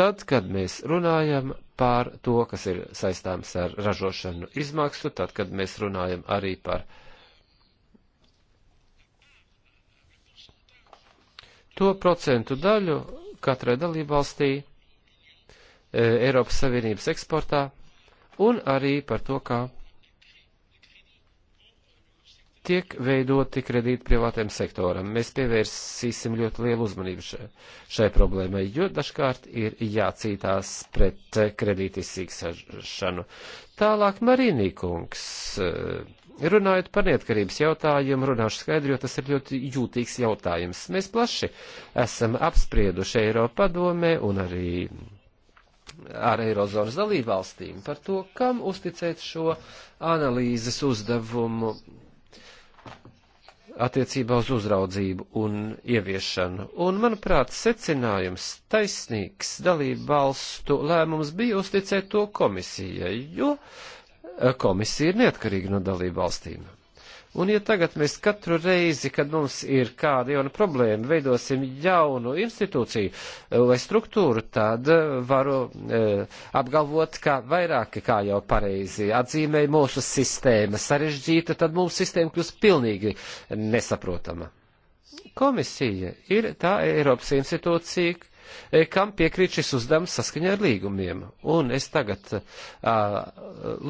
Tad, kad mēs runājam par to, kas ir saistāms ar ražošanu izmaksu, tad, kad mēs runājam arī par to procentu daļu katrai dalībvalstī e, Eiropas Savienības eksportā un arī par to, kā tiek veidoti kredīti privātiem sektoram. Mēs pievērsīsim ļoti lielu uzmanību šai, šai problēmai, jo dažkārt ir jācītās pret kredīti sīksašanu. Tālāk Marīnīkungs. Eh, runājot par neatkarības jautājumu, runāšu skaidri, jo tas ir ļoti jūtīgs jautājums. Mēs plaši esam apsprieduši Eiropa padomē un arī ar Eirozonas dalībvalstīm par to, kam uzticēt šo analīzes uzdevumu attiecībā uz uzraudzību un ieviešanu. Un, manuprāt, secinājums taisnīgs dalību valstu lēmums bija uzticēt to komisijai, jo eh, komisija ir neatkarīga no dalību valstīm. Un ja tagad mēs katru reizi, kad mums ir kāda jauna problēma, veidosim jaunu institūciju vai struktūru, tad eh, varu e, apgalvot, ka vairāki, kā jau pareizi atzīmēja, mūsu sistēma sarežģīta, tad mūsu sistēma kļūst pilnīgi nesaprotama. Komisija ir tā Eiropas institūcija, E, kam piekrīt šis uzdevums saskaņā ar līgumiem. Un es tagad uh,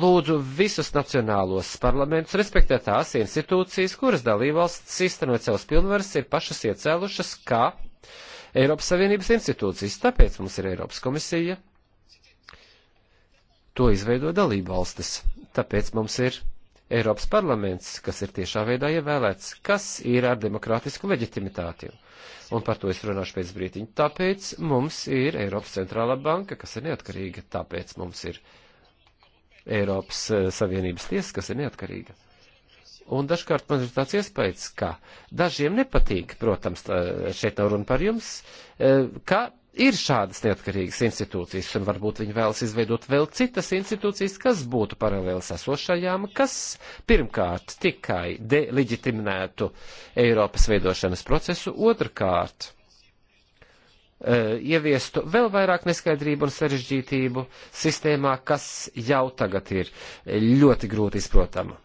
lūdzu visus nacionālos parlamentus respektēt tās institūcijas, kuras dalībvalsts īstenot savas pilnvaras ir pašas iecēlušas kā Eiropas Savienības institūcijas. Tāpēc mums ir Eiropas komisija. To izveido dalību valstis. Tāpēc mums ir Eiropas parlaments, kas ir tiešā veidā ievēlēts, kas ir ar demokrātisku leģitimitāti un par to es runāšu pēc brītiņa. Tāpēc mums ir Eiropas centrālā banka, kas ir neatkarīga, tāpēc mums ir Eiropas e, Savienības tiesa, kas ir neatkarīga. Un dažkārt man ir tāds iespējas, ka dažiem nepatīk, protams, šeit nav runa par jums, e, ka ir šādas neatkarīgas institūcijas, un varbūt viņi vēlas izveidot vēl citas institūcijas, kas būtu paralēlas esošajām, kas pirmkārt tikai deleģitimētu Eiropas veidošanas procesu, otrkārt e, ieviestu vēl vairāk neskaidrību un sarežģītību sistēmā, kas jau tagad ir ļoti grūti izprotama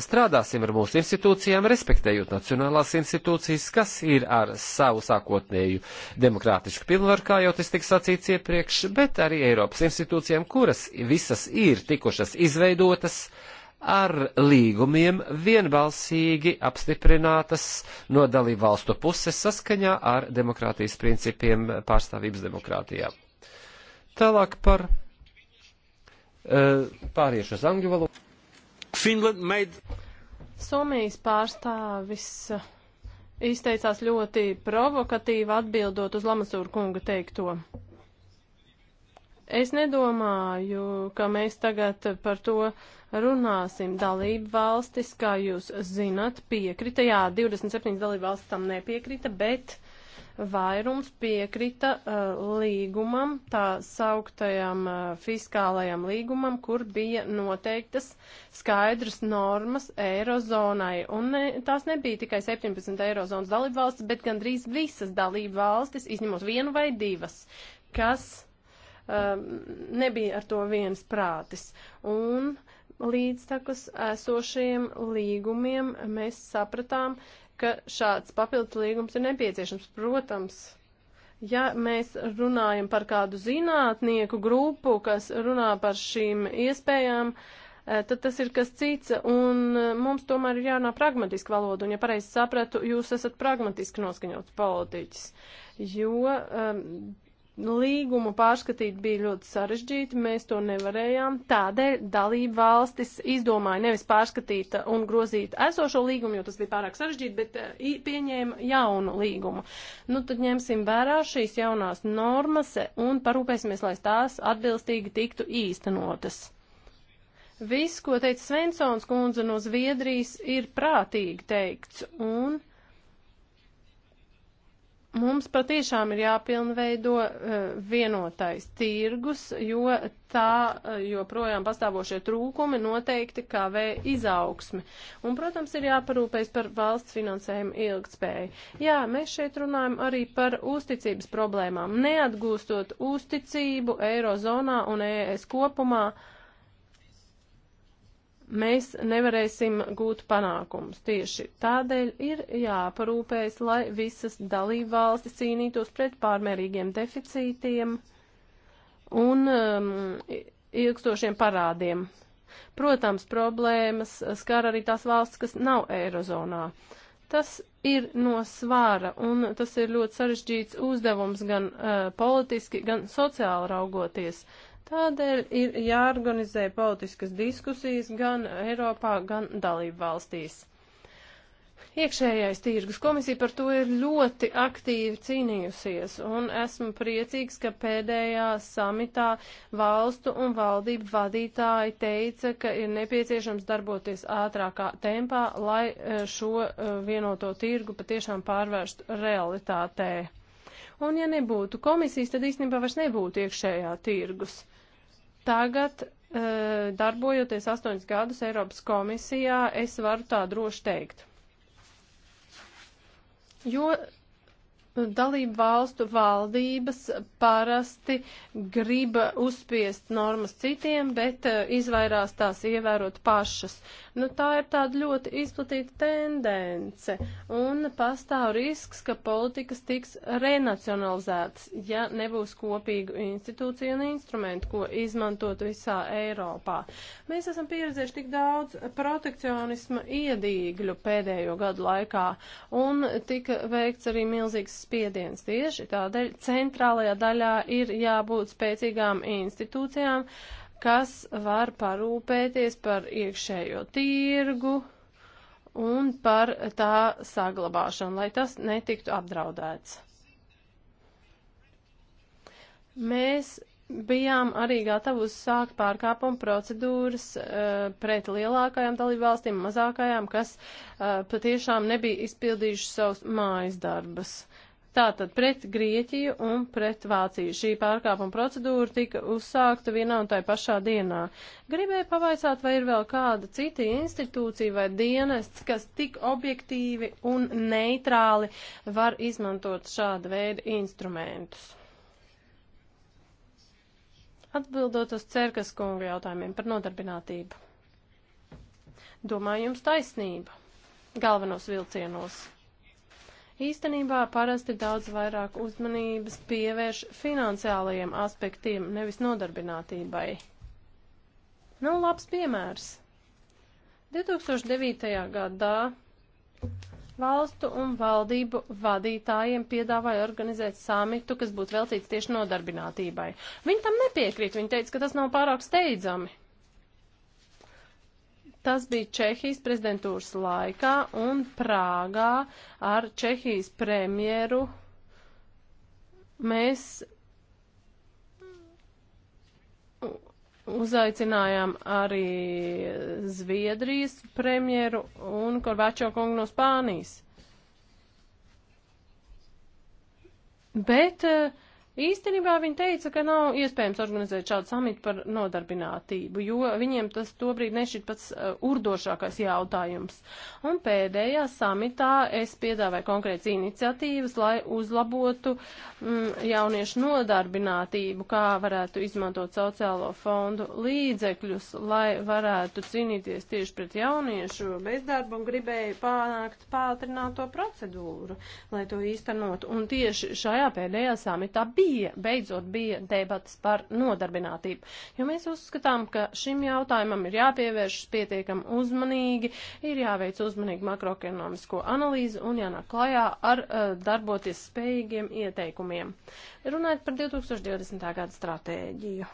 strādāsim ar mūsu institūcijām, respektējot nacionālās institūcijas, kas ir ar savu sākotnēju demokrātisku pilnvaru, kā jau tas tika sacīts iepriekš, bet arī Eiropas institūcijām, kuras visas ir tikušas izveidotas ar līgumiem vienbalsīgi apstiprinātas no dalību valstu puses saskaņā ar demokrātijas principiem pārstāvības demokrātijā. Tālāk par uh, pāriešu uz angļu valodu. Finland made... Somijas pārstāvis eh, izteicās ļoti provokatīvi atbildot uz Lamasūra kunga teikto. Es nedomāju, ka mēs tagad par to runāsim. Dalība valstis, kā jūs zinat, piekrita. Jā, 27 dalība valstis tam nepiekrita, bet uh, vairums piekrita uh, līgumam, tā sauktajam uh, fiskālajam līgumam, kur bija noteiktas skaidras normas eirozonai. Un ne, tās nebija tikai 17 eirozonas dalību valstis, bet gandrīz visas dalību valstis, izņemot vienu vai divas, kas uh, nebija ar to viens prātis. Un līdztekus esošajiem līgumiem mēs sapratām, uh, ka šāds papildus līgums ir nepieciešams. Protams, ja mēs runājam par kādu zinātnieku grupu, kas runā par šīm iespējām, eh, tad tas ir kas cits, un eh, mums tomēr ir jārunā pragmatiski valoda, un, ja pareizi sapratu, jūs esat pragmatiski noskaņots politiķis, jo um, Līgumu pārskatīt bija ļoti sarežģīti, mēs to nevarējām. Tādēļ dalība valstis izdomāja nevis pārskatīt un grozīt esošo līgumu, jo tas bija pārāk sarežģīti, bet eh, pieņēma jaunu līgumu. Nu, tad ņemsim vērā šīs jaunās normas un parūpēsimies, lai tās atbilstīgi tiktu īstenotas. Viss, ko teica Svensons kundze no Zviedrijas, ir prātīgi teikts. Un mums patiešām ir jāpilnveido eh, vienotais tirgus, jo tā eh, joprojām pastāvošie trūkumi noteikti kavē izaugsmi. Un, protams, ir jāparūpējas par valsts finansējumu ilgtspēju. Jā, mēs šeit runājam arī par uzticības problēmām. Neatgūstot uzticību Eirozonā un ES kopumā, uh, mēs nevarēsim gūt panākumus. Tieši tādēļ ir jāparūpējas, lai visas dalībvalstis cīnītos pret pārmērīgiem deficītiem un um, ilgstošiem parādiem. Protams, problēmas skar arī tās valsts, kas nav eirozonā. Tas ir no svāra, un tas ir ļoti sarežģīts uzdevums gan uh, politiski, gan sociāli raugoties. Uh, Tādēļ ir jāorganizē politiskas diskusijas gan Eiropā, gan dalību valstīs. Iekšējais tirgus komisija par to ir ļoti aktīvi cīnījusies, un esmu priecīgs, ka pēdējā samitā valstu un valdību vadītāji teica, ka ir nepieciešams darboties ātrākā tempā, lai e, šo e, vienoto tirgu patiešām pārvērstu realitātē. Un ja nebūtu komisijas, tad īstenībā vairs nebūtu iekšējā tirgus. Tagad, eh, darbojoties astoņus gadus Eiropas komisijā, es varu tā droši teikt. Jo dalību valstu valdības parasti grib uzspiest normas citiem, bet eh, izvairās tās ievērot pašas. Nu, tā ir tāda ļoti izplatīta tendence, un pastāv risks, ka politikas tiks renacionalizētas, ja nebūs kopīgu institūciju un instrumentu, ko izmantot visā Eiropā. Mēs esam pieredzējuši tik daudz protekcionisma iedīgļu pēdējo gadu laikā, un tika veikts arī milzīgs spiediens. Tieši tādēļ centrālajā daļā ir jābūt spēcīgām institūcijām, uh, kas var parūpēties par iekšējo tirgu un par tā saglabāšanu, lai tas netiktu apdraudēts. Mēs bijām arī gatavi uzsākt pārkāpumu procedūras uh, pret lielākajām dalībvalstīm, mazākajām, kas uh, patiešām nebija izpildījuši savus mājas darbus. Tātad pret Grieķiju un pret Vāciju šī pārkāpuma procedūra tika uzsākta vienā un tai pašā dienā. Gribēju pavaicāt, vai ir vēl kāda cita institūcija vai dienests, kas tik objektīvi un neitrāli var izmantot šāda veida instrumentus. Atbildot uz Cerkas kunga jautājumiem par nodarbinātību. Domāju, jums taisnība galvenos vilcienos. Īstenībā parasti daudz vairāk uzmanības pievērš finansiālajiem aspektiem, nevis nodarbinātībai. Nu, labs piemērs. 2009. gadā valstu un valdību vadītājiem piedāvāja organizēt samitu, kas būtu veltīts tieši nodarbinātībai. Viņi tam nepiekrīt, viņi teica, ka tas nav pārāk steidzami. Tas bija Čehijas prezidentūras laikā un Prāgā ar Čehijas premjeru mēs uzaicinājām arī Zviedrijas premjeru un Korvačo kungu no Spānijas. Bet uh, Īstenībā viņi teica, ka nav iespējams organizēt šādu samitu par nodarbinātību, jo viņiem tas tobrīd nešķiet pats uh, urdošākais jautājums. Un pēdējā samitā es piedāvēju konkrēts iniciatīvas, lai uzlabotu mm, jauniešu nodarbinātību, kā varētu izmantot sociālo fondu līdzekļus, lai varētu cīnīties tieši pret jauniešu bezdarbu un gribēju panākt pātrināto procedūru, lai to īstenot. Un tieši šajā pēdējā samitā bija bija, beidzot bija debatas par nodarbinātību. Jo mēs uzskatām, ka šim jautājumam ir jāpievēršas pietiekam uzmanīgi, ir jāveic uzmanīgi makroekonomisko analīzi un jānāk klajā ar uh, darboties spējīgiem ieteikumiem. Runājot par 2020. gada stratēģiju.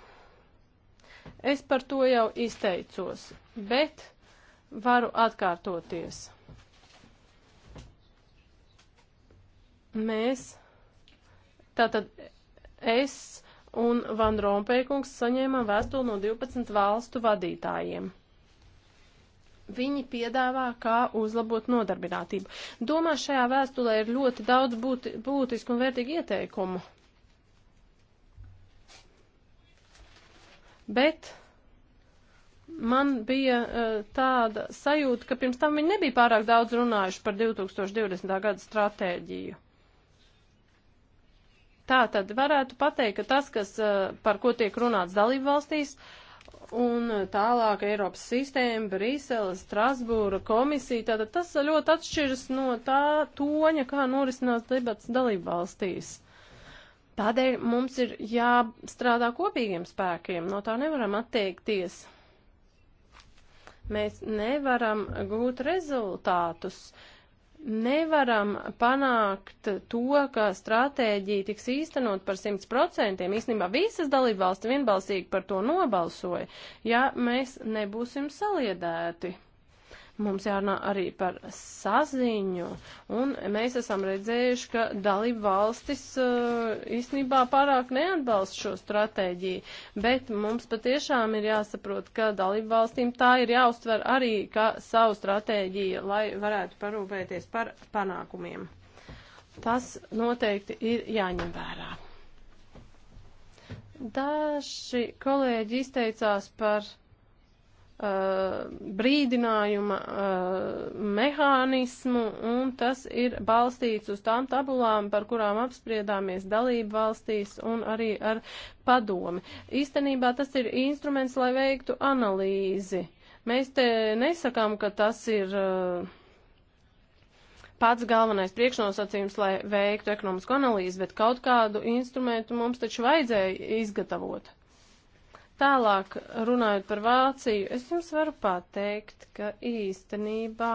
Es par to jau izteicos, bet varu atkārtoties. Mēs tātad Es un Van Rompēkungs saņēmām vēstuli no 12 valstu vadītājiem. Viņi piedāvā, kā uzlabot nodarbinātību. Domā, šajā vēstulē ir ļoti daudz būti, būtisku un vērtīgu ieteikumu. Bet man bija uh, tāda sajūta, ka pirms tam viņi nebija pārāk daudz runājuši par 2020. gada stratēģiju. Tā tad varētu pateikt, ka tas, kas, eh, par ko tiek runāts dalību valstīs, un tālāk Eiropas sistēma, Brīsele, Strasbūra komisija, tātad tas ļoti atšķiras no tā toņa, kā norisinās debats dalību valstīs. Tādēļ mums ir jāstrādā kopīgiem spēkiem, no tā nevaram atteikties. Mēs nevaram gūt rezultātus, uh, nevaram panākt to, ka stratēģija tiks īstenot par 100%. Īstenībā visas dalībvalsti vienbalsīgi par to nobalsoja, ja mēs nebūsim saliedēti. Mums jārunā arī par saziņu, un mēs esam redzējuši, ka dalību valstis uh, īstenībā pārāk neatbalsta šo stratēģiju, bet mums patiešām ir jāsaprot, ka dalību valstīm tā ir jāuztver arī kā savu stratēģiju, lai varētu parūpēties par panākumiem. Tas noteikti ir jāņem vērā. Daži kolēģi izteicās par Uh, brīdinājuma uh, mehānismu, un tas ir balstīts uz tām tabulām, par kurām apspriedāmies dalību valstīs un arī ar padomi. Īstenībā tas ir instruments, lai veiktu analīzi. Mēs te nesakām, ka tas ir. Uh, pats galvenais priekšnosacījums, lai veiktu ekonomisku analīzi, bet kaut kādu instrumentu mums taču vajadzēja izgatavot. Tālāk, runājot par Vāciju, es jums varu pateikt, ka īstenībā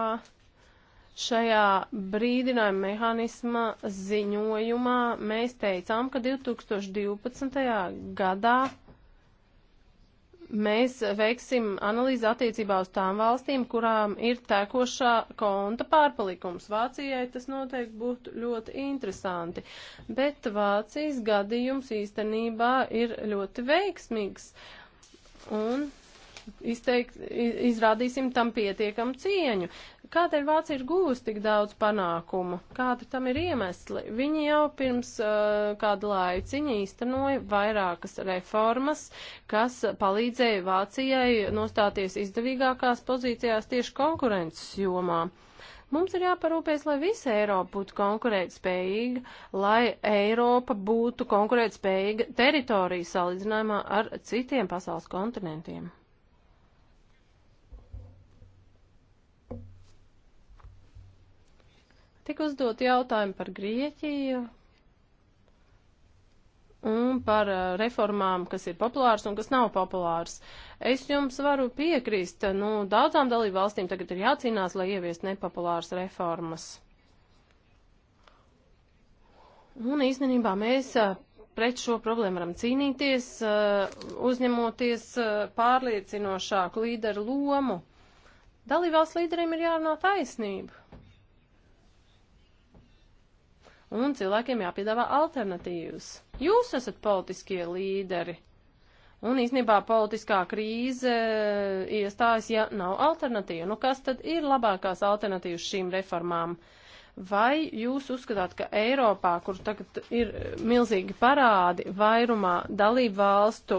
šajā brīdinājuma mehānisma ziņojumā mēs teicām, ka 2012. gadā mēs veiksim analīzi attiecībā uz tām valstīm, kurām ir tekošā konta pārpalikums. Vācijai tas noteikti būtu ļoti interesanti, bet Vācijas gadījums īstenībā ir ļoti veiksmīgs. Un izteikt, izrādīsim tam pietiekam cieņu. Kādēļ Vācija ir gūst tik daudz panākumu? Kāda tam ir iemesli? Viņi jau pirms uh, kādu laiciņu īstenoja vairākas reformas, kas palīdzēja Vācijai nostāties izdevīgākās pozīcijās tieši konkurences jomā. Mums ir jāparūpēs, lai visa Eiropa būtu konkurētspējīga, lai Eiropa būtu konkurētspējīga teritorija salīdzinājumā ar citiem pasaules kontinentiem. Tik uzdot jautājumu par Grieķiju un par uh, reformām, kas ir populārs un kas nav populārs. Es jums varu piekrist, nu, daudzām dalību valstīm tagad ir jācīnās, lai ieviest nepopulārs reformas. Un īstenībā mēs uh, pret šo problēmu varam cīnīties, uh, uzņemoties pārliecinošāku līderu lomu. Dalībvalsts līderiem ir jārunā taisnība. un cilvēkiem jāpiedāvā alternatīvas. Jūs esat politiskie līderi. Un īsnībā politiskā krīze eh, iestājas, ja nav alternatīva. Nu, kas tad ir labākās alternatīvas šīm reformām? Uh, Vai jūs uzskatāt, ka Eiropā, kur tagad ir milzīgi parādi, vairumā dalību valstu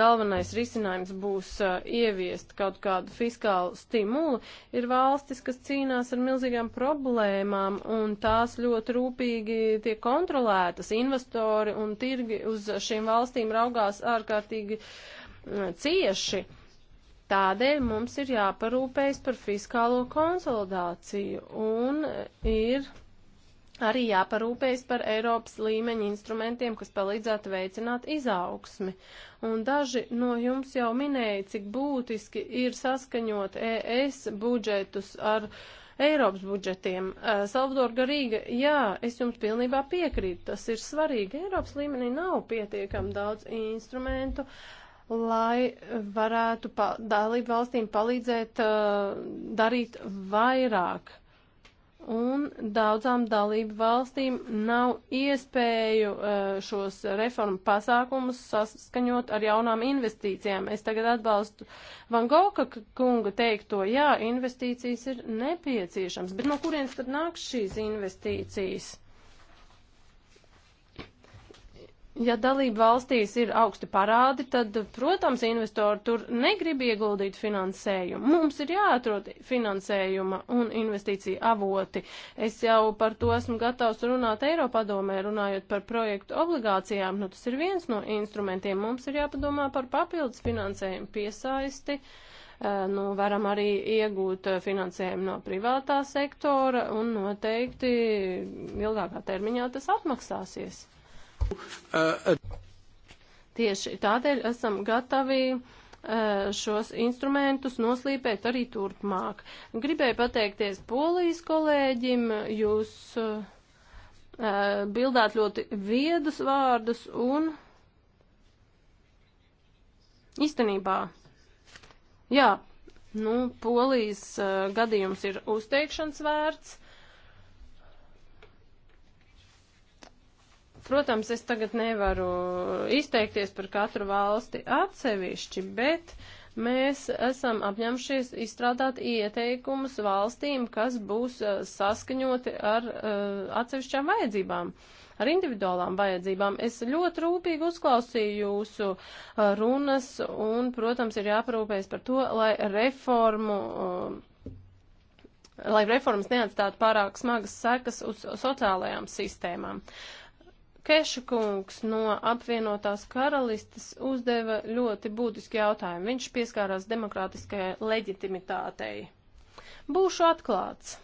galvenais risinājums būs uh, ieviest kaut kādu fiskālu stimulu, ir valstis, kas cīnās ar milzīgām problēmām un tās ļoti rūpīgi tiek kontrolētas. Investori un tirgi uz šīm valstīm raugās ārkārtīgi uh, cieši. Uh, Tādēļ mums ir jāparūpējas par fiskālo konsolidāciju un ir arī jāparūpējas par Eiropas līmeņa instrumentiem, kas palīdzētu veicināt izaugsmi. Un daži no jums jau minēja, cik būtiski ir saskaņot ES budžetus ar Eiropas budžetiem. Eh, Salvador Garīga, jā, es jums pilnībā piekrītu, tas ir svarīgi. Eiropas līmenī nav pietiekam daudz instrumentu. Uh, lai varētu pa, dalību valstīm palīdzēt uh, darīt vairāk. Un daudzām dalību valstīm nav iespēju uh, šos reformu pasākumus saskaņot ar jaunām investīcijām. Es tagad atbalstu Van Goga kunga teikto, jā, investīcijas ir nepieciešams, bet no kurienes tad nāk šīs investīcijas? Uh, Ja dalība valstīs ir augsti parādi, tad, protams, investori tur negrib ieguldīt finansējumu. Mums ir jāatrod finansējuma un investīcija avoti. Es jau par to esmu gatavs runāt Eiropadomē, runājot par projektu obligācijām. Nu, tas ir viens no instrumentiem. Mums ir jāpadomā par papildus finansējumu piesaisti. Eh, nu, varam arī iegūt eh, finansējumu no privātā sektora un noteikti ilgākā termiņā tas atmaksāsies. Tieši tādēļ esam gatavi eh, šos instrumentus noslīpēt arī turpmāk. Gribēju pateikties polijas kolēģim, jūs eh, bildāt ļoti viedus vārdus un īstenībā, jā, nu, polijas eh, gadījums ir uzteikšanas vērts. Protams, es tagad nevaru izteikties par katru valsti atsevišķi, bet mēs esam apņemšies izstrādāt ieteikumus valstīm, kas būs eh, saskaņoti ar uh, atsevišķām vajadzībām ar individuālām vajadzībām. Es ļoti rūpīgi uzklausīju jūsu eh, runas un, protams, ir jāparūpējas par to, lai reformu. Lai reformas neatstātu pārāk smagas sekas uz sociālajām sistēmām. Uh, Keša kungs no apvienotās karalistes uzdeva ļoti būtisku jautājumu. Viņš pieskārās demokrātiskajai leģitimitātei. Būšu atklāts.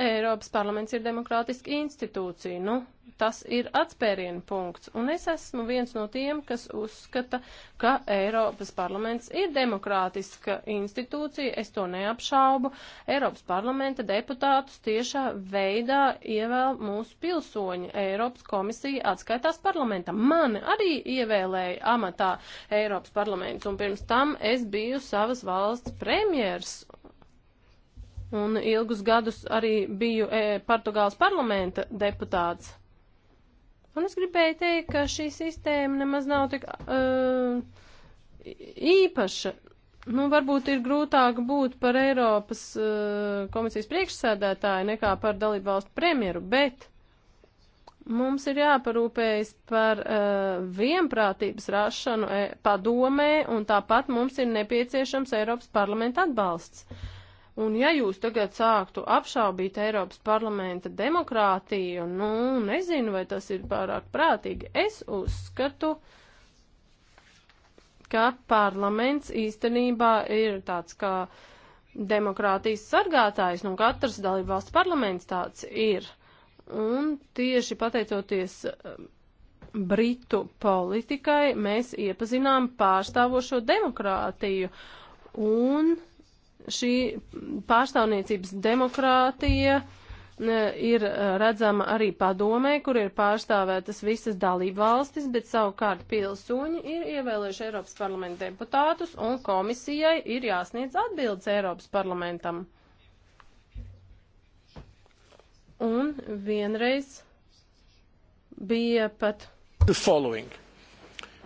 Eiropas parlaments ir demokrātiska institūcija. Nu, tas ir atspēriena punkts. Un es esmu viens no tiem, kas uzskata, ka Eiropas parlaments ir demokrātiska institūcija. Es to neapšaubu. Eiropas parlamenta deputātus tiešā veidā ievēl mūsu pilsoņi. Eiropas komisija atskaitās parlamentam. Mani arī ievēlēja amatā Eiropas parlaments. Un pirms tam es biju savas valsts premjers un ilgus gadus arī biju e, Portugāles parlamenta deputāts. Un es gribēju teikt, ka šī sistēma nemaz nav tik uh, īpaša. Nu, varbūt ir grūtāk būt par Eiropas uh, komisijas priekšsēdētāju nekā par dalību valstu premjeru, bet mums ir jāparūpējas par uh, vienprātības rašanu e padomē, un tāpat mums ir nepieciešams Eiropas parlamenta atbalsts. Uh, Un ja jūs tagad sāktu apšaubīt Eiropas parlamenta demokrātiju, nu, nezinu, vai tas ir pārāk prātīgi, es uzskatu, ka parlaments īstenībā ir tāds kā demokrātijas sargātājs, nu, katrs dalībvalsts parlaments tāds ir. Un tieši pateicoties um, Britu politikai, mēs iepazinām pārstāvošo demokrātiju. Un Šī pārstāvniecības demokrātija e, ir e, redzama arī padomē, kur ir pārstāvētas visas dalība valstis, bet savukārt pilsoņi ir ievēlējuši Eiropas parlamenta deputātus un komisijai ir jāsniedz atbildes Eiropas parlamentam. Un vienreiz bija pat. The following.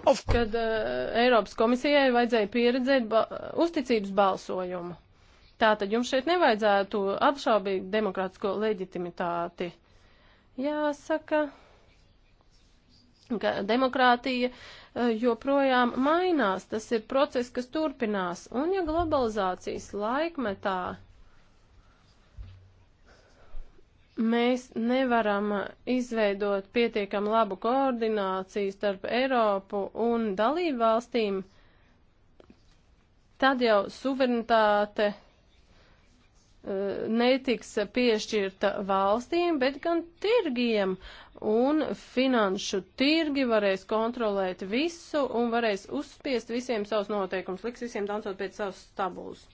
Of... Kad uh, Eiropas komisijai vajadzēja pieredzēt ba uzticības balsojumu. Tātad jums šeit nevajadzētu apšaubīt demokrātisko leģitimitāti. Jāsaka, ka demokrātija eh, joprojām mainās, tas ir process, kas turpinās, un ja globalizācijas laikmetā mēs nevaram izveidot pietiekam labu koordināciju starp Eiropu un dalību valstīm, tad jau suverenitāte netiks piešķirta valstīm, bet gan tirgiem, un finanšu tirgi varēs kontrolēt visu un varēs uzspiest visiem savus noteikumus, liks visiem dansot pēc savus stabulus.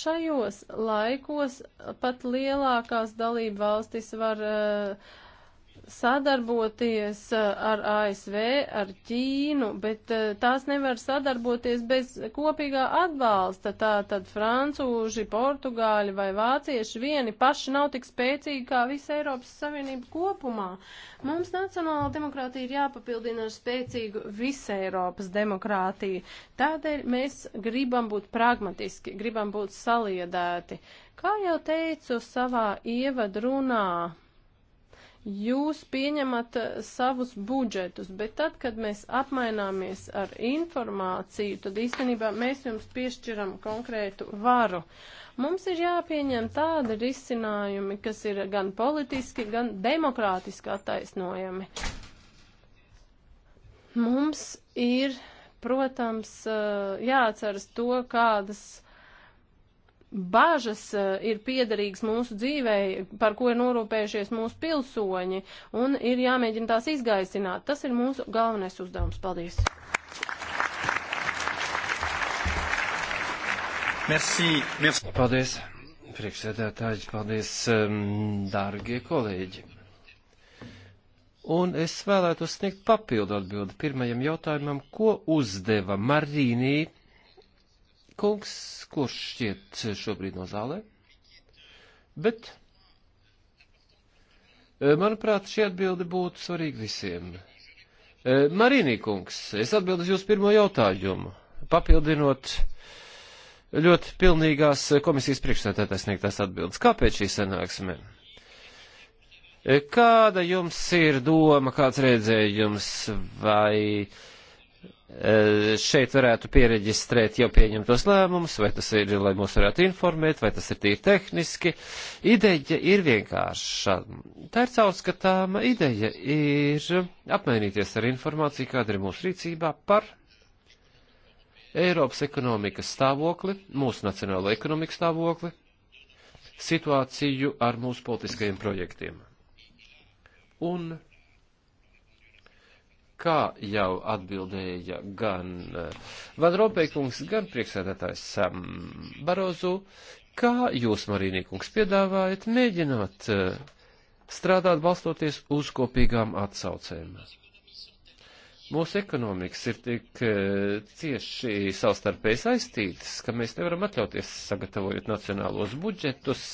Šajos laikos pat lielākās dalība valstis var uh, sadarboties eh, ar ASV, ar Ķīnu, bet eh, tās nevar sadarboties bez kopīgā atbalsta. Tā tad francūži, portugāļi vai vācieši vieni paši nav tik spēcīgi kā visa Eiropas Savienība kopumā. Mums nacionāla demokrātija ir jāpapildina ar spēcīgu visa Eiropas demokrātiju. Tādēļ mēs gribam būt pragmatiski, gribam būt saliedēti. Kā jau teicu savā ievadrunā, Jūs pieņemat eh, savus budžetus, bet tad, kad mēs apmaināmies ar informāciju, tad īstenībā mēs jums piešķiram konkrētu varu. Mums ir jāpieņem tādi risinājumi, kas ir gan politiski, gan demokrātiski attaisnojami. Mums ir, protams, eh, jāatceras to, kādas bažas eh, ir piederīgas mūsu dzīvei, par ko ir norūpējušies mūsu pilsoņi, un ir jāmēģina tās izgaisināt. Tas ir mūsu galvenais uzdevums. Paldies! Merci, merci. Paldies, priekšsēdētāji, paldies, um, dārgie kolēģi. Un es vēlētu sniegt papildu atbildi pirmajam jautājumam, ko uzdeva Marīnija kungs, kurš šķiet šobrīd no zālē, bet, e, manuprāt, šī atbilde būtu svarīga visiem. E, Marīnī kungs, es atbildu uz jūsu pirmo jautājumu, papildinot ļoti pilnīgās komisijas priekšsēdētājas sniegtās atbildes. Kāpēc šī sanāksme? E, Kāda jums ir doma, kāds redzējums vai uh, Eh, šeit varētu pieregistrēt jau pieņemtos lēmumus, vai tas ir, lai mūs varētu informēt, vai tas ir tīri tehniski. Ideja ir vienkārša. Tā ir caurskatāma ideja, ir apmainīties ar informāciju, kāda ir mūsu rīcībā par Eiropas ekonomikas stāvokli, mūsu nacionālo ekonomikas stāvokli, situāciju ar mūsu politiskajiem projektiem. Un kā jau atbildēja gan eh, Vadropēkungs, gan priekšsēdētājs um, Barozu, kā jūs, Marīnīkungs, piedāvājat mēģināt uh, strādāt balstoties uz kopīgām atsaucēm? Mūsu ekonomikas ir tik eh, cieši savstarpēji saistītas, ka mēs nevaram atļauties, sagatavojot nacionālos budžetus,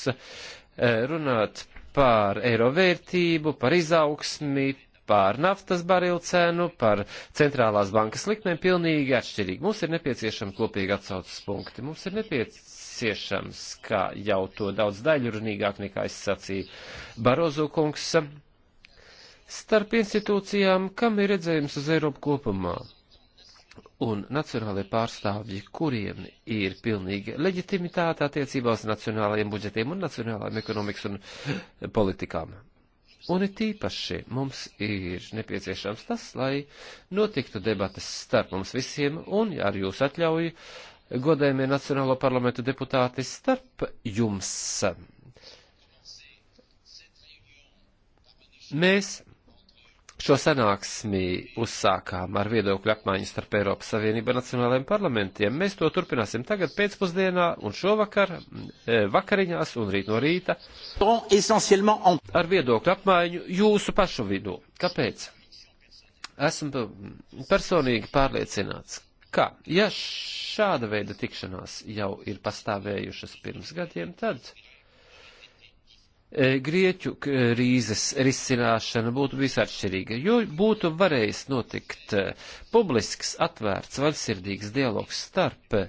runāt par eiro vērtību, par izaugsmi, par naftas barilu cenu, par centrālās bankas likmēm pilnīgi atšķirīgi. Mums ir nepieciešami kopīgi atsaucas punkti. Mums ir nepieciešams, kā jau to daudz daļrunīgāk nekā es sacīju, Barozu kungs starp institūcijām, kam ir redzējums uz Eiropu kopumā un nacionālajie pārstāvji, kuriem ir pilnīga leģitimitāte attiecībā uz nacionālajiem budžetiem un nacionālajiem ekonomikas un politikām. Un it īpaši mums ir nepieciešams tas, lai notiktu debatas starp mums visiem un, ja ar jūs atļauju, godējumie Nacionālo parlamentu deputāti starp jums. Mēs Šo sanāksmi uzsākām ar viedokļu apmaiņu starp Eiropas Savienību un nacionālajiem parlamentiem. Mēs to turpināsim tagad pēcpusdienā un šovakar, e, vakariņās un rīt no rīta ar viedokļu apmaiņu jūsu pašu vidū. Kāpēc? Esmu personīgi pārliecināts, ka, ja šāda veida tikšanās jau ir pastāvējušas pirms gadiem, tad E, Grieķu krīzes risināšana būtu visatšķirīga, jo būtu varējis notikt e, publisks, atvērts, vaļsirdīgs dialogs starp e,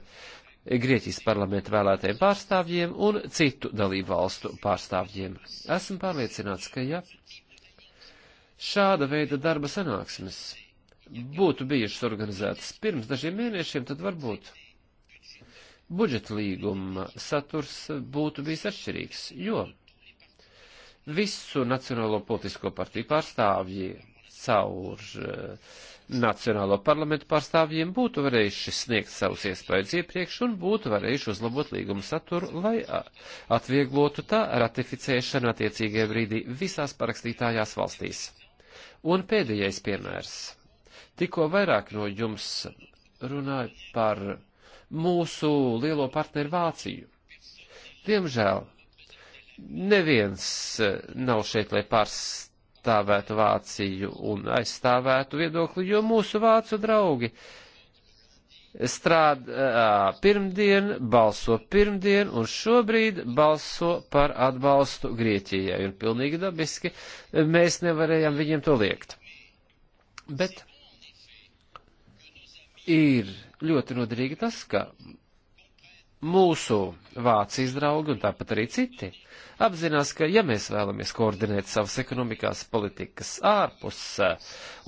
Grieķijas parlamenta vēlētajiem pārstāvjiem un citu dalību valstu pārstāvjiem. Esmu pārliecināts, ka ja šāda veida darba sanāksmes būtu bijušas organizētas pirms dažiem mēnešiem, tad varbūt budžeta līguma saturs būtu bijis atšķirīgs, jo visu Nacionālo politisko partiju pārstāvji caur uh, Nacionālo parlamentu pārstāvjiem būtu varējuši sniegt savus iespējas iepriekš un būtu varējuši uzlabot līguma saturu, lai atvieglotu tā ratificēšanu attiecīgajā brīdī visās parakstītājās valstīs. Un pēdējais piemērs. Tikko vairāk no jums runāja par mūsu lielo partneru Vāciju. Diemžēl neviens eh, nav šeit, lai pārstāvētu Vāciju un aizstāvētu viedokli, jo mūsu vācu draugi strādā eh, pirmdien, balso pirmdien un šobrīd balso par atbalstu Grieķijai. Un pilnīgi dabiski eh, mēs nevarējām viņiem to liekt. Bet ir ļoti noderīgi tas, ka mūsu Vācijas draugi un tāpat arī citi apzinās, ka ja mēs vēlamies koordinēt savas ekonomikās politikas ārpus eh,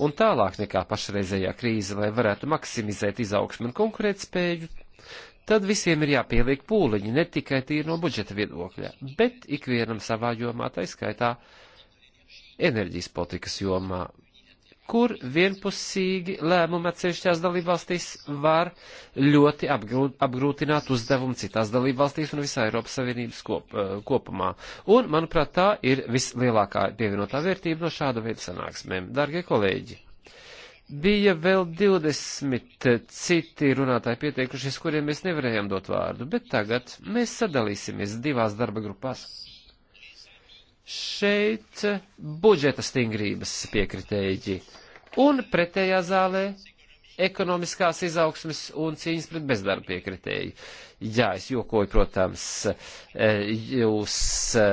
un tālāk nekā pašreizējā krīze, lai varētu maksimizēt izaugsmu un konkurētspēju, tad visiem ir jāpieliek pūliņi ne tikai tīri no budžeta viedokļa, bet ikvienam savā jomā, taiskaitā enerģijas politikas jomā kur vienpusīgi lēmumi atsevišķās dalībvalstīs var ļoti apgrūtināt uzdevumu citās dalībvalstīs un visā Eiropas Savienības kop, eh, kopumā. Un, manuprāt, tā ir vislielākā pievienotā vērtība no šāda veida sanāksmēm. Dargie kolēģi! Bija vēl 20 citi runātāji pieteikušies, kuriem mēs nevarējām dot vārdu, bet tagad mēs sadalīsimies divās darba grupās šeit budžeta stingrības piekritēji un pretējā zālē ekonomiskās izaugsmes un cīņas pret bezdarbu piekritēji. Jā, es jokoju, protams, e, jūs e,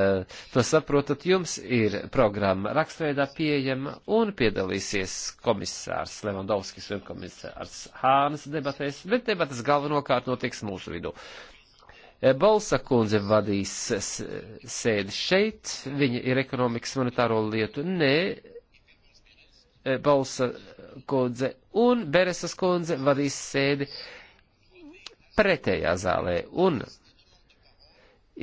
to saprotat, jums ir programma rakstveidā pieejama un piedalīsies komisārs Levandovskis un komisārs Hānas debatēs, bet debatas galvenokārt notiks mūsu vidū. Balsa kundze vadīs sēdi šeit, viņa ir ekonomikas monetāro lietu, nē, Balsa kundze un Beresas kundze vadīs sēdi pretējā zālē un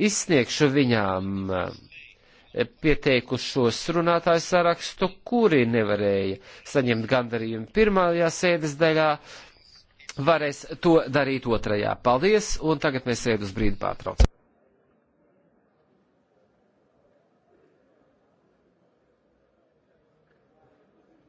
izsniegšu viņām eh, pieteikušos runātāju sarakstu, kuri nevarēja saņemt gandarījumu pirmajā sēdes daļā, varēs to darīt otrajā. Paldies, un tagad mēs sēdu uz brīdi pārtraucam.